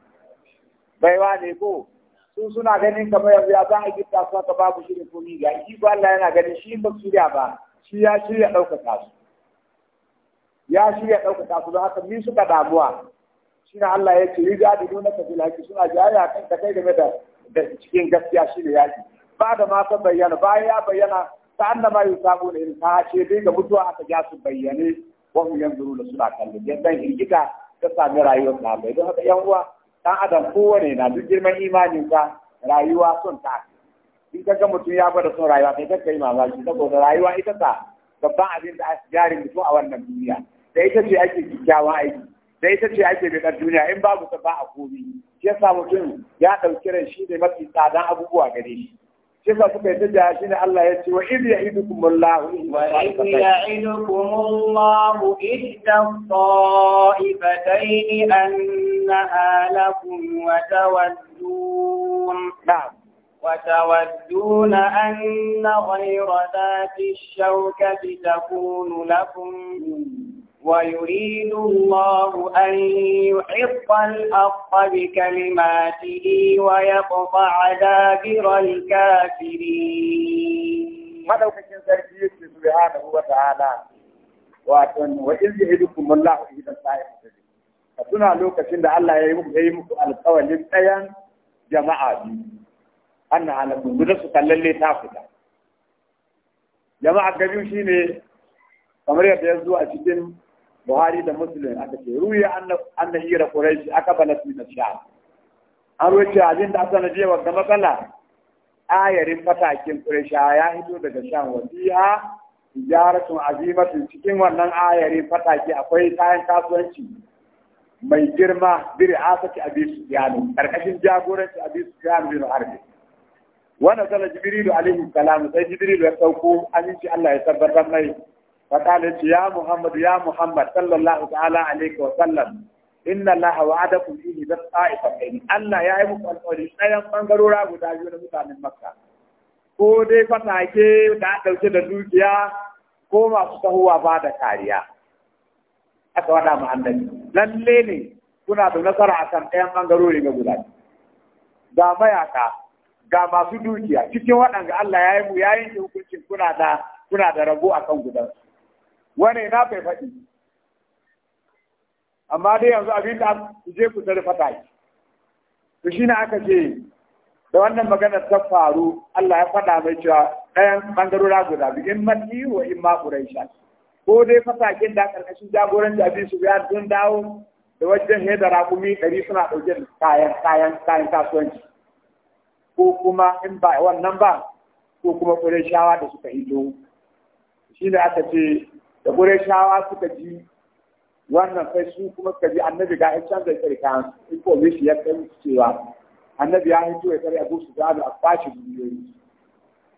baiwa ne ko su suna ganin kamar yanzu ya zan gita su haka babu shirin komi ga ko Allah yana ganin shi ba shirya ba shi ya shirya ɗaukaka su ya shirya ɗaukaka su don haka ni suka damuwa shi na Allah ya ce riga da nuna ka filaki suna jaya kan ka kai game da cikin gaskiya shi ne yaki ba da ma bayyana bayan ya bayyana ta annama sabo ne ta ce dai ga mutuwa aka ja su bayyane wani yanzu da suna kallon yadda hirgita ta sami rayuwar bai don haka yan uwa dan adam kowane na duk girman imanin ka rayuwa son ta in ga mutum ya gwada son rayuwa kai kakka yi mamaki saboda rayuwa ita ta babban abin da ake jari mutum a wannan duniya da ita ce ake kyakkyawan aiki da ita ce ake da duniya in babu ta ba a komi shi yasa mutum ya ɗauki ran shi ne mafi tsadan abubuwa gare shi شفا سكيت جاشين الله يتي وإذ يعيدكم الله وإذ يعيدكم الله إحدى الطائفتين أنها لكم وتودون نعم وتودون أن غير ذات الشوكة تكون لكم ويريد الله أن يحق الحق بكلماته ويقطع دابر الكافرين madaukakin sarki yake subhanahu wa ta'ala wato wa in yahidukum Allahu idan sa'i mutajib ka tuna lokacin da Allah ya yi muku yayi muku alƙawalin ɗayan jama'a biyu anna halakum guda su kallalle ta fita jama'a gabi shine kamar yadda ya a cikin buhari da muslim aka ce ruya anna hira kuraishi aka bala su na sha an roce abin da aka naje wa ga matsala ayarin matakin quraish ya hito daga sham wasiha tijaratun azimatun cikin wannan ayarin fataki akwai kayan kasuwanci mai girma biri asaki abi sufyan karkashin jagoranci abi sufyan bin harbi wannan sana jibrilu alaihi salam sai jibrilu ya sauko aminci Allah ya tabbatar mai فقال يا محمد يا محمد صلى الله تعالى عليه وسلم إن الله وعدكم فيه بس طائفتين الله يا أبو القولي أيام بانغرورا غدا يونا مكان مكة ko dai fata ke da dauke da dukiya ko masu tahowa ba da kariya aka wada mu annabi ne kuna da nasara akan ɗayan bangarori ga guda ga mayaka ga masu dukiya cikin waɗanda Allah ya yi mu yayin hukuncin kuna da kuna da rabo akan wane na bai faɗi amma dai yanzu abin da su je ku tare fata yi to shi ne aka ce da wannan maganar ta faru Allah ya faɗa mai cewa ɗayan ɓangarora guda biyu in mati wa in ma ƙuraisha ko dai fatakin da ƙarƙashin jagoran abin su biya sun dawo da wajen da raƙumi ɗari suna ɗauke da kayan kayan kayan kasuwanci ko kuma in ba wannan ba ko kuma ƙuraishawa da suka hito shi ne aka ce da shawa suka ji wannan sai su kuma suka ji annabi ga ya canza da kayan in ko mishi ya kai cewa annabi ya hito ya kare Abu Sufyan a kwashi duniyoyi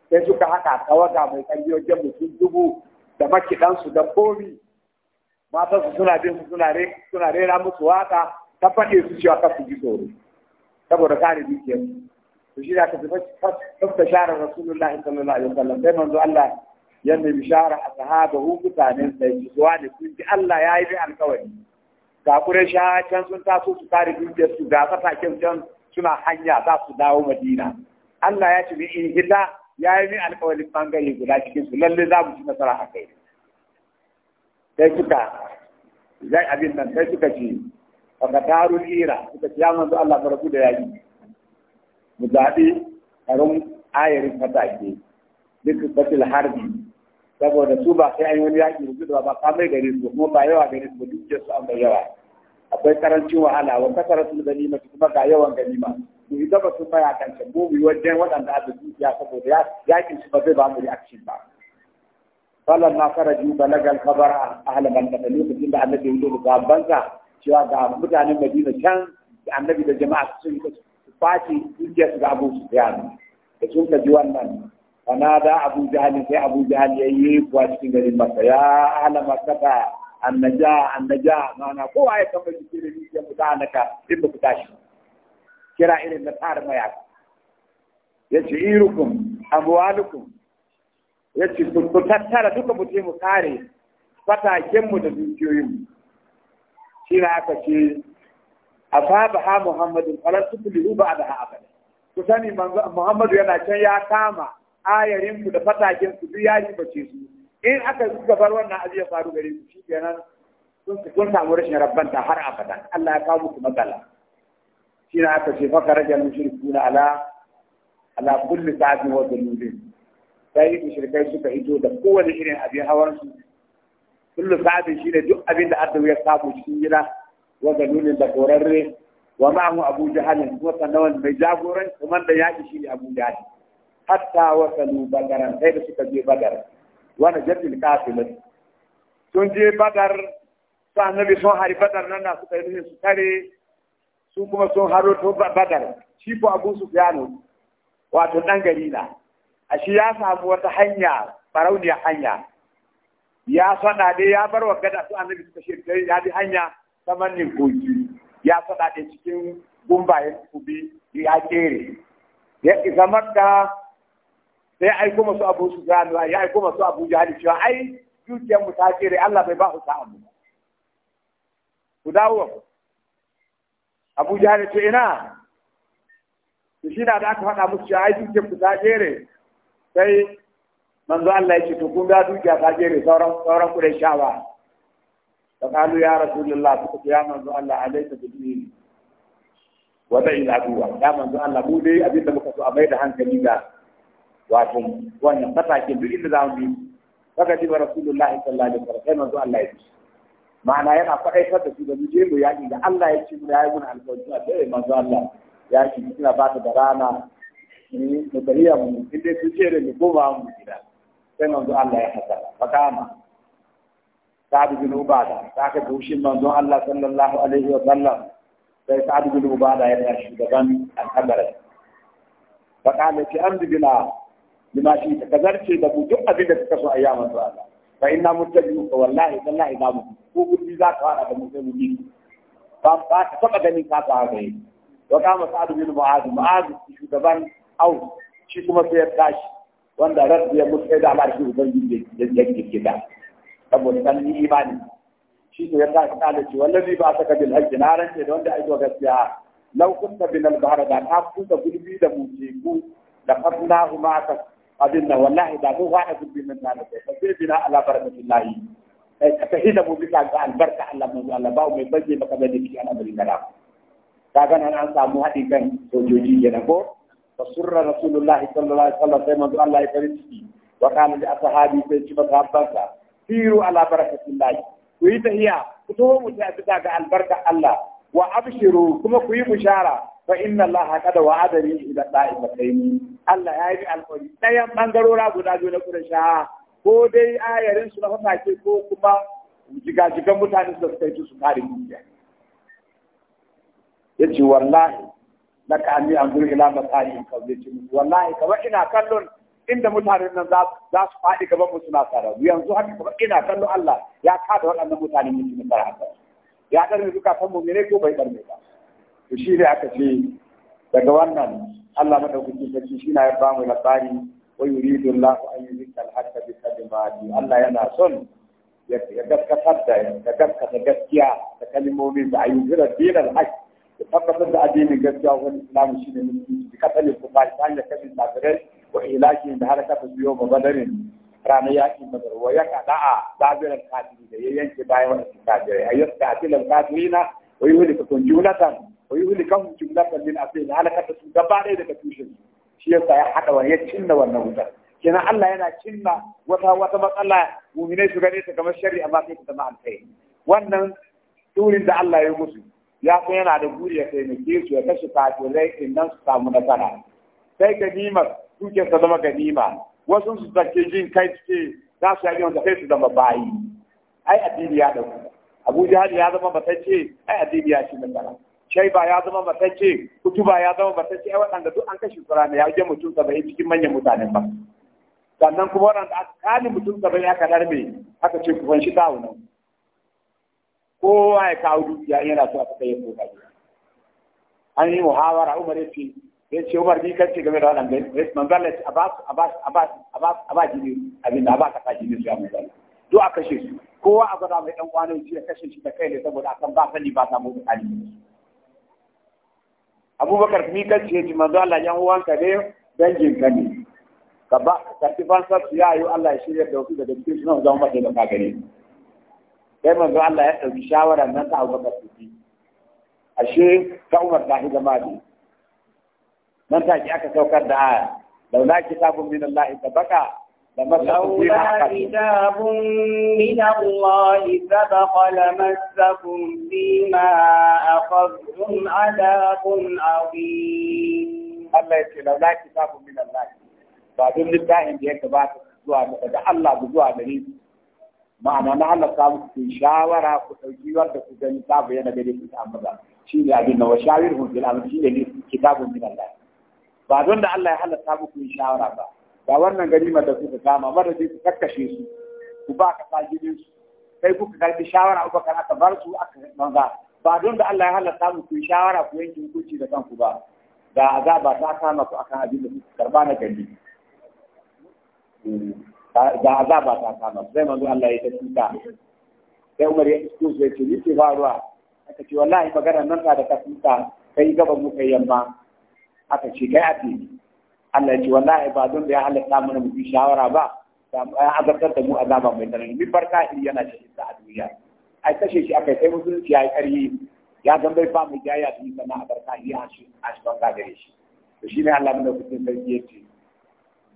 sai suka haka tawaga mai kalli wajen mutum dubu da makidansu da komi su suna bin su suna rera musu waka ta faɗe su cewa ka su ji tsoro saboda kare dukiyarsu to shi da aka tafi tafta sharar rasulullahi sallallahu alaihi wasallam sai manzo Allah yanda bishara a sahaba mutanen sai zuwa da sun ji Allah ya yi alkawari ga Qurayshawa can sun taso su kare dukiyar su ga kasashen can suna hanya za su dawo Madina Allah ya ce in hita ya yi min alkawarin bangare guda cikin su lalle za mu ci nasara a kai sai suka zai abin nan sai suka ce daga darul ira suka ce ya manzo Allah farko da yayi mu zaɓi karon ayarin fatake duk fatil harbi saboda su ba sai an yi wani yaƙi da rubutu ba ka mai gari su kuma ba yawa gari su duk su an bai yawa akwai karancin wahala wa kasar su da nima kuma ga yawan ganima mu yi gaba sun baya kan can mu yi wajen waɗanda aka dukiya saboda yaƙin su ba zai ba mu reaction ba falan ma karaju balagal khabar ahla man da lokacin da annabi ya zo ga banza cewa ga mutanen Madina can annabi da jama'a sun yi su faci dukiyar su ga Abu Sufyan da sun ka ji wannan fanada abu jahal sai abu jahal ya yi kuwa cikin garin masa ya ala makata annaja annaja mana kowa ya kafa jiki da jiki ya fita naka din ba fita shi kira irin na tar maya ya ce abuwa amwalukum ya ce ku tattara duka mu mu kare fatakenmu da dukiyoyin shi na aka ce a asaba ha muhammadin falan tukulihu ba da ha abada ku sani muhammadu yana can ya kama ayarin da fatakin ku duk yayi bace su in aka suka bar wannan abu ya faru gare su kenan sun su kun samu rashin rabbanta har abada Allah ya kawo muku matsala shi na aka ce faka rajal mushrikuna ala ala kulli sa'atin wa dhulmin sai mushrikai suka hito da kowane irin abin hawan su kullu sa'atin shine duk abin da Allah ya samu cikin gida wa dhulmin da korarre wa ma'ahu abu jahalin wa sanawan mai jagoran kuma da yaki shi ne abu jahalin hatta wasalu bagaran sai da suka je bagar wani jaddin kafilin sun je bagar su annabi sun hari badar nan na suka yi su tare su kuma sun haro to badar shi ko abu su wato dan gari na a shi ya samu wata hanya farauniya hanya ya sada dai ya bar wa gada su annabi suka shirka ya bi hanya ta manin kogi ya sada dai cikin gumbayen kubi ya kere ya isa makka sai ya aiko masu abu su gano ya aiko masu abu jihari cewa ai dukiyar mu ta kere Allah bai ba ku sa'a mu ku dawo abu jihari ce ina shi na da aka faɗa musu cewa ai dukiyar ku ta kere sai manzo Allah ya ce to kun ga dukiya ta jere sauran sauran ku dai shawa fa qalu ya rasulullah ku ya manzo Allah alayka bidini wa da'il aduwa ya manzo Allah mu dai abinda muka so a mai da hankali da. wato wannan matakin duk inda za mu bi saka ji rasulullahi sallallahu alaihi wasallam sai manzo Allah ya ci ma'ana yana faɗaitar da su da mu je mu yaƙi da Allah ya ci mu da ya mun alƙawari a sai manzo Allah ya ci kina ba ta da rana ni da tariya mu inda su ce da mu goma mu gida sai manzo Allah ya haka fakama sa'ad ba ubada ta ka goshin manzo Allah sallallahu alaihi wasallam sai sa'ad ba da ya tashi daban al-hadara fakama ce an bibila lima shi ta kazarce da ku duk abin da kuka so a yaman su Allah fa inna muttabi'u ka wallahi wallahi da mu ko kun za ka hada da mu sai mu bi ba ba ta taba ganin ka ta haka yi wa kama sa'ad bin mu'az mu'az shugaban au shi kuma sai ya tashi wanda rabbi ya mutsai da al'arshi ubangiji da gida saboda dan ni imani shi ne ya ta ce wallahi ba ta kabil na rance da wanda aiwa gaskiya law kunta bin al-bahra da ka da mu ku da fatnahu ma abin nan wallahi da ko wada gubbi min na da ba sai bina ala barakatullahi ai eh, ka tahida mu bisa ga albarka Allah mu Allah ba mai baje maka da dake da ka ga nan an samu hadi kan sojoji kenan ko fa surra rasulullahi sallallahu alaihi wasallam sai manzo Allah ya farin wa kana li ashabi sai ci ba sahabbansa siru ala barakatullahi ku yi tahiya ku to mu ta bisa ga albarka Allah wa abshiru kuma ku yi bushara fa inna Allah kada wa'adani ila da'ibatayn Allah ya yi alƙawari ɗayan bangarora guda biyu na Quraysha ko dai ayarin su na fatake ko kuma jigajigan mutane su kai su kare dukiya yace wallahi laka an anzuru ila masani qawlati wallahi kamar ina kallon inda mutanen nan za su faɗi gaban mu suna tsara yanzu haka kamar ina kallon Allah ya kada waɗannan mutane mutum tsara ya ɗarme kan mu ne ko bai ɗarme ba to shi ne daga wannan Allah madaukaki sarki shi na ya ba mu labari wa yuridu Allah an yuzika al-haqqa bi kalimati Allah yana son ya gaskatar da ya gaskata gaskiya da kalmomin da din al haqq ya tabbatar da addinin gaskiya wani Islam shi ne musulunci bi ku kufari ta hanyar kafin kafirai wa ilahi da haraka ta biyo ba badarin ranar yakin madar wa ya kada'a sabiran kafiri da yayyanke bayan wannan kafiri ayyuka ayyukan al kafirina wa yuhlikakun junatan wa yuhlikahum jumlatan min asil ta su gaba ɗaya daga tushen su shi yasa ya haɗa wani ya cinna wannan wutar kenan Allah yana cinna wata wata matsala mu'minai su gane ta kamar shari amma sai ta zama alkhairi wannan turin da Allah ya musu ya san yana da buri ya taimake su ya kashe kafirai nan su samu nasara sai ganimar duke sa zama ganima wasu su take jin kai suke za su yi wanda sai su zama bayi ai addini ya dauka Abu Jahal ya zama ce, ai addini ya shi nasara ba ya zama matacce kutuba ya zama matacce ai waɗanda duk an kashe su ne ya je mutum saba'in cikin manyan mutanen ba sannan kuma waɗanda aka kani mutum saba'in aka darbe aka ce ku shi ta nan kowa ya kawo dukiya in yana so a kai ya koka an yi muhawara umar ya ce ya ce umar ni kan ce game da waɗanda ya ce manzala ya ce a ba su a ba a ba ka sa jini su ya manzala duk a kashe su kowa a gwada mai ɗan kwanan shi ya kashe shi da kai ne saboda a kan ba sani ba samu tsakani abubakar ni kan ce ji manzo Allah yan uwanka ne dangin ka ne ka ba ka ci ban su ya yi Allah ya shirya da wasu daga cikin sunan zama da ka gare sai manzo Allah ya ɗauki shawara nan ta abubakar su ashe ka umar ta hidda ne nan ta ki aka saukar da aya Da laula kitabun min Allah baka لولا كتاب من الله سبق لمسكم فيما أخذتم عذاب عظيم الله يقول لولا كتاب من الله بعدين لله da ya gabata zuwa da Allah ku zuwa gare ma'ana na Allah ka muku shawara ku dauki wanda ku gani ta bayyana gare ku ta amma shi ne abin da washawirhum bil amr shi ne kitabun min Allah ba don da Allah ya halatta muku shawara ba ba wannan ganimar da suka kama ba da kakkashe su ku ba ka fagidin su sai kuka karbi shawara uku kan aka bar su aka banza ba don da Allah ya halatta mu ku shawara ku yanke hukunci da kanku ba da azaba ta kama ku akan abin da su karba na gani da hmm. azaba ta kama sai manzo Allah ya tafuta sai Umar ya isko sai ce ni ce ba ruwa aka ce wallahi magana nan ta da ka tuta kai gaban mu kai yamma aka ce kai a fili Allah ji wallahi ba don da ya halatta mana mu shawara ba ya azabtar da mu azaba mai tsanani bi barka yana cikin sa a duniya ai kashe shi akai sai musulunci ya yi ƙarfi ya zan bai famu ya tuni sana a barka yi a shi a shi banga gare shi to shi Allah mun da kusin sarki ya ce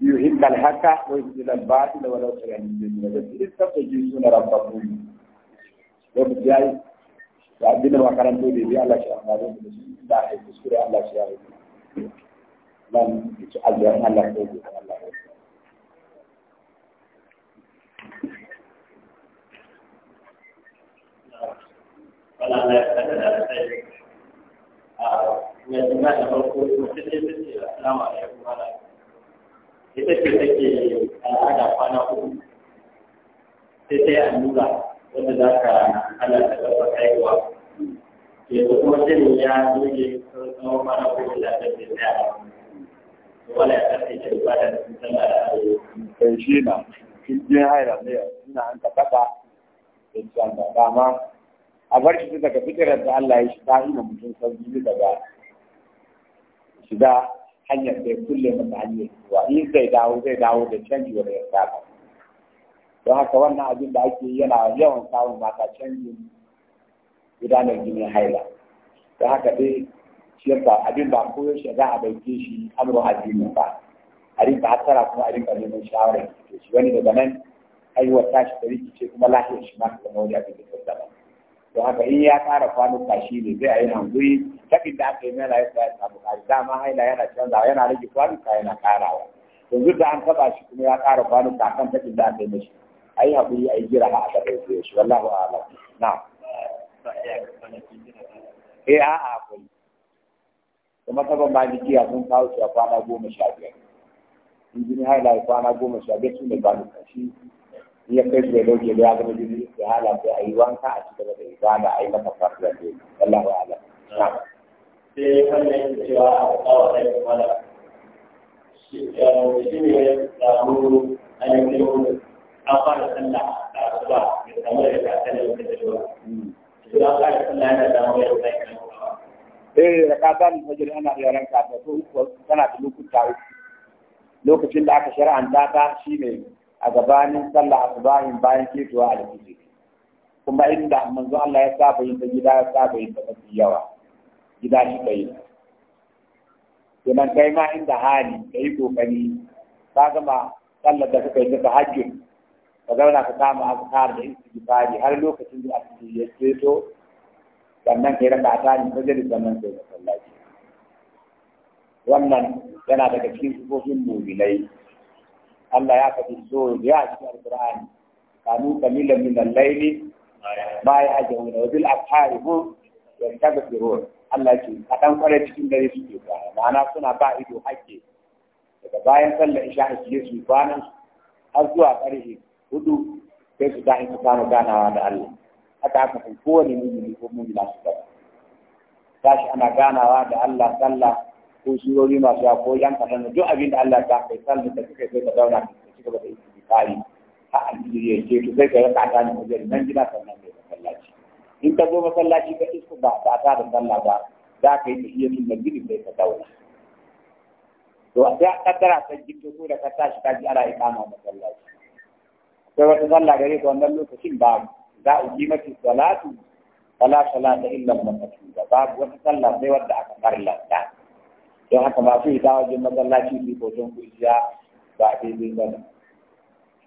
biyu hinkal haka wai su zilal ba su da walau tsira ne zai da tsirin sabta ji suna rabba kuni lokacin ya yi da abin da makarantu da bi Allah shi amma da shi da shi, yi kuskure Allah shi ya yi nan da ci ajiyar Allah ko gobe Allah ya Allah a mai tuna ne take assalamu alaikum wala ita ce take al'ada kwana uku sai sai allura wanda za ka halatta ke kuma jini ya zuge sauran kwana wala ta kai ta a bar shi daga fitirar da Allah ya shi ina mutum sauki daga shiga hanyar da kulle masa hanyar zuwa in zai dawo zai dawo da canji wanda ya saba don haka wannan abin da ake yana yawan samun mata canjin gudanar jinin haila don haka dai yadda abin ba koyo shi za a dauke shi amurin addini ba a rinka hattara kuma a rinka neman shawarar da shi wani daga nan aiwa tashi da rikice kuma lafiyar shi ma zama wani abin da ta zama don haka in ya ƙara kwano kashi ne zai a yi hankuri sakin da aka yi mela ya sa ya samu ƙari dama haila yana canzawa yana rage kwanuka yana karawa yanzu da an taɓa shi kuma ya ƙara kwanuka kan sakin da aka yi mashi a yi haƙuri a yi jira ha aka ɗauke shi wallahu a'lam na eh a'a akwai da masaban malikiya sun kawo su a kwana goma sha biyar in jini haila kwana goma sha biyar su ne ba lokaci ya kai su da dauke da ya zama jini da hala sai a yi wanka a cikin da ibada a yi masa fasirar da yi wallahu ala sai eh, wannan cewa a kawo sai mala eh, shi ne samu ainihin an fara sallah a kasuwa da samu da ta sallah da ta da Idan an fara sallah yana da eh da ka san fajr ana iya ka ta to kana da lokuta lokacin da aka shar'anta ta shine a gabanin sallah asubahin bayan ketowa alfijir kuma inda manzo Allah ya saba yin ta gida ya saba yin ta yawa gida shi kai kenan kai ma inda hali ka yi kokari ka gama sallar da suka yi ta hajji ka zauna ka kama azkar da istighfari har lokacin da yi ya ceto. sannan kai raka ta yin fajr sannan kai masallaci wannan yana daga cikin sufofin mobilai Allah ya faɗi so ya a cikin kanu qalilan min al-layli ma ya'jun wa bil ta hum yastaghfirun Allah ce a ɗan kwarai cikin dare suke kwana ma'ana suna ba ido hakke daga bayan sallar isha a cikin su kwanan har zuwa ƙarfe hudu sai su tashi su samu ganawa da Allah haka aka san kowane mumini ko mumina su gaba tashi ana ganawa da Allah sallah ko surori masu ya ko yan kaɗan duk abin da Allah ta kai sallah da kuka sai ka zauna da ci gaba da istighfari har aljiya ya ce to sai ka raka ta ne wajen nan gida sannan kai masallaci in ka zo masallaci ka isko ba ba ta da sallah ba za ka yi tahiyatul masjid sai ka zauna to a sai kaddara ta jiddo ko da ka tashi ka ji ana ikama masallaci akwai wata sallah gare ka wannan lokacin babu za a yi mafi salatu fala illan illa makatuba babu wata sallah sai wadda aka farlanta don haka masu ita wajen masallaci su hoton kujiya ba daidai ba ne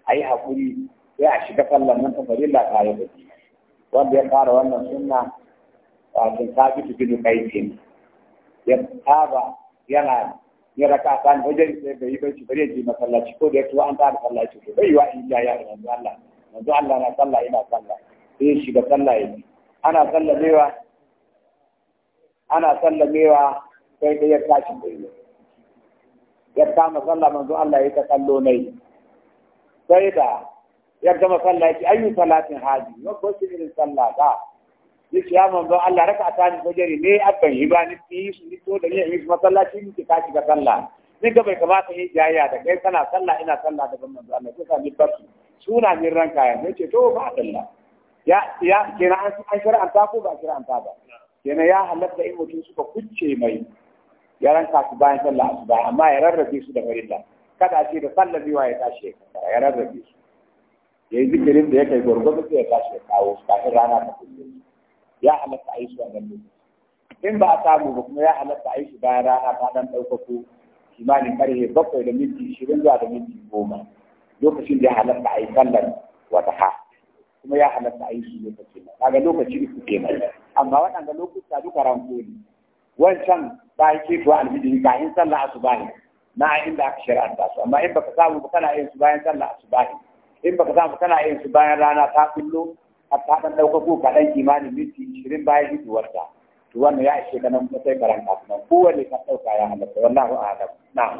a yi haƙuri sai a shiga sallan nan ta farilla ta yi baki wanda ya fara wannan sunna wato sabitu bin kaisin ya saba yana ya raka san wajen sai bai bai ci bare ji masallaci ko da ya tuwa an ta da sallaci ko bai wa in ya ya manzo Allah manzo Allah na sallah ina sallah sai shiga sallah ya yi ana sallamewa ana sallamewa sai da ya tashi da ya kama sallah manzo Allah ya ta kallo nai sai da ya gama sallah ya ce ayyu salatin haji wa ko shi irin sallah da yace ya manzo Allah raka ta ni fajiri ne abban yi ba ni yi su ni to da ni yi masallaci ni ka shiga sallah ni ga bai kamata yi jayya da kai kana sallah ina sallah da manzo Allah sai ka ni barki suna min ranka ya ce to ba Allah ya ya kenan an an shar'anta ko ba shar'anta ba kenan ya halatta in mutum suka kucce mai ya ranka su bayan sallah asuba amma ya rarrabe su da farilla kada a ce da sallah biwa ya tashi ya rarrabe su ya yi zikirin da ya kai gwargwado sai ya tashi ya kawo su kafin rana ta kullum ya halatta a yi su a nan lokaci in ba a samu ba kuma ya halatta a yi su bayan rana ta dan ɗaukako kimanin karfe bakwai da minti ishirin zuwa da minti goma lokacin da ya halatta a yi sallar wata ha kuma ya halatta a yi su lokaci kaga lokaci ke kenan amma waɗanda lokuta duka ranko ne wancan ba ya ce tuwa ba kafin sallah asubahi na a inda aka shari'anta su amma in baka samu kana yin su bayan sallah asubahi in baka samu kana yin su bayan rana ta kullo a ta ɗan ɗauka ko kaɗan kimanin minti ishirin bayan fitowar ta to wannan ya ishe kanan kuma sai karanta su nan kowane ka ɗauka ya halatta wallahu a'lam na'am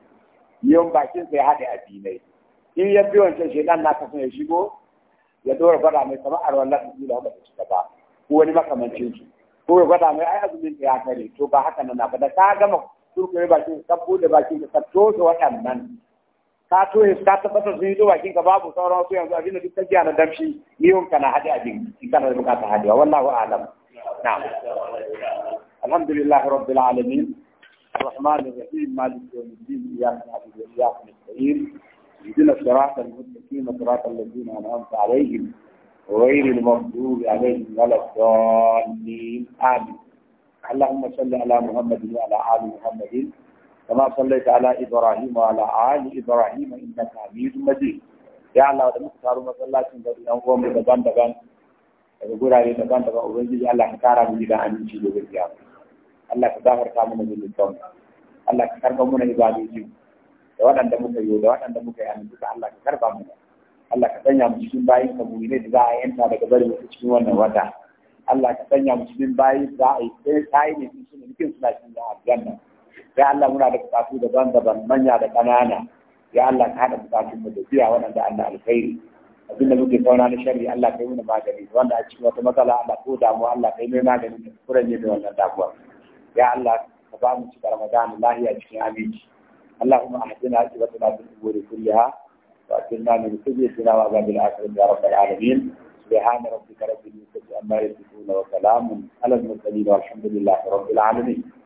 yawan bakin sai haɗe addinai in ya bi wancan shedan na kasan ya shigo ya dora gwada mai kamar na da da wanda ta gaba ko wani makamancin su ko ya gwada mai ai azumin ta ya kare to ba haka nan ba da ta gama turkure bakin ka bude bakin ka tosa waɗannan ka toye ka tabbatar sun yi zo bakin ka babu sauran su yanzu abin da duk kajiya na damshi Ni yiwon kana haɗe abin in kana da bukata haɗewa wallahu alam na'am alhamdulillahi rabbil alamin الرحمن الرحيم مالك يوم الدين إياك نعبد وإياك نستعين اهدنا الصراط المستقيم صراط الذين أنعمت عليهم غير المغضوب عليهم ولا الضالين آمين اللهم صل على محمد وعلى آل محمد كما صليت على إبراهيم وعلى آل إبراهيم إنك حميد مجيد يا الله da muka taru masallacin da ɗan uwan mu daban-daban daga gurare daban-daban ubangiji Allah ka kara mu da aminci da gaskiya Allah ka gafarta mana zunubanmu Allah ka karba mana ji da waɗanda muka yi da waɗanda muka yi an duka Allah ka karba mana Allah ka sanya mu cikin bayin ka ne da za a yanta daga bari mu cikin wannan wata Allah ka sanya mu cikin bayin za a yi sai sai ne cikin cikin suna cikin aljanna ya Allah muna da da daban-daban manya da kanana ya Allah ka haɗa bukatun mu da biya waɗanda Allah alkhairi abin da muke kauna na sharri Allah kai mana magani wanda a cikin wata matsala Allah ko damuwa Allah kai mai magani da kuren ne da wannan damuwa ya Allah ka ba mu Ramadan lahiya cikin aminci Allahumma ahdina akibatana fil umuri kulliha wa atina min sayyi'atina wa azabil akhirati ya rabbal alamin سبحان ربك رب العزة عما يصفون وسلام على المرسلين والحمد لله رب العالمين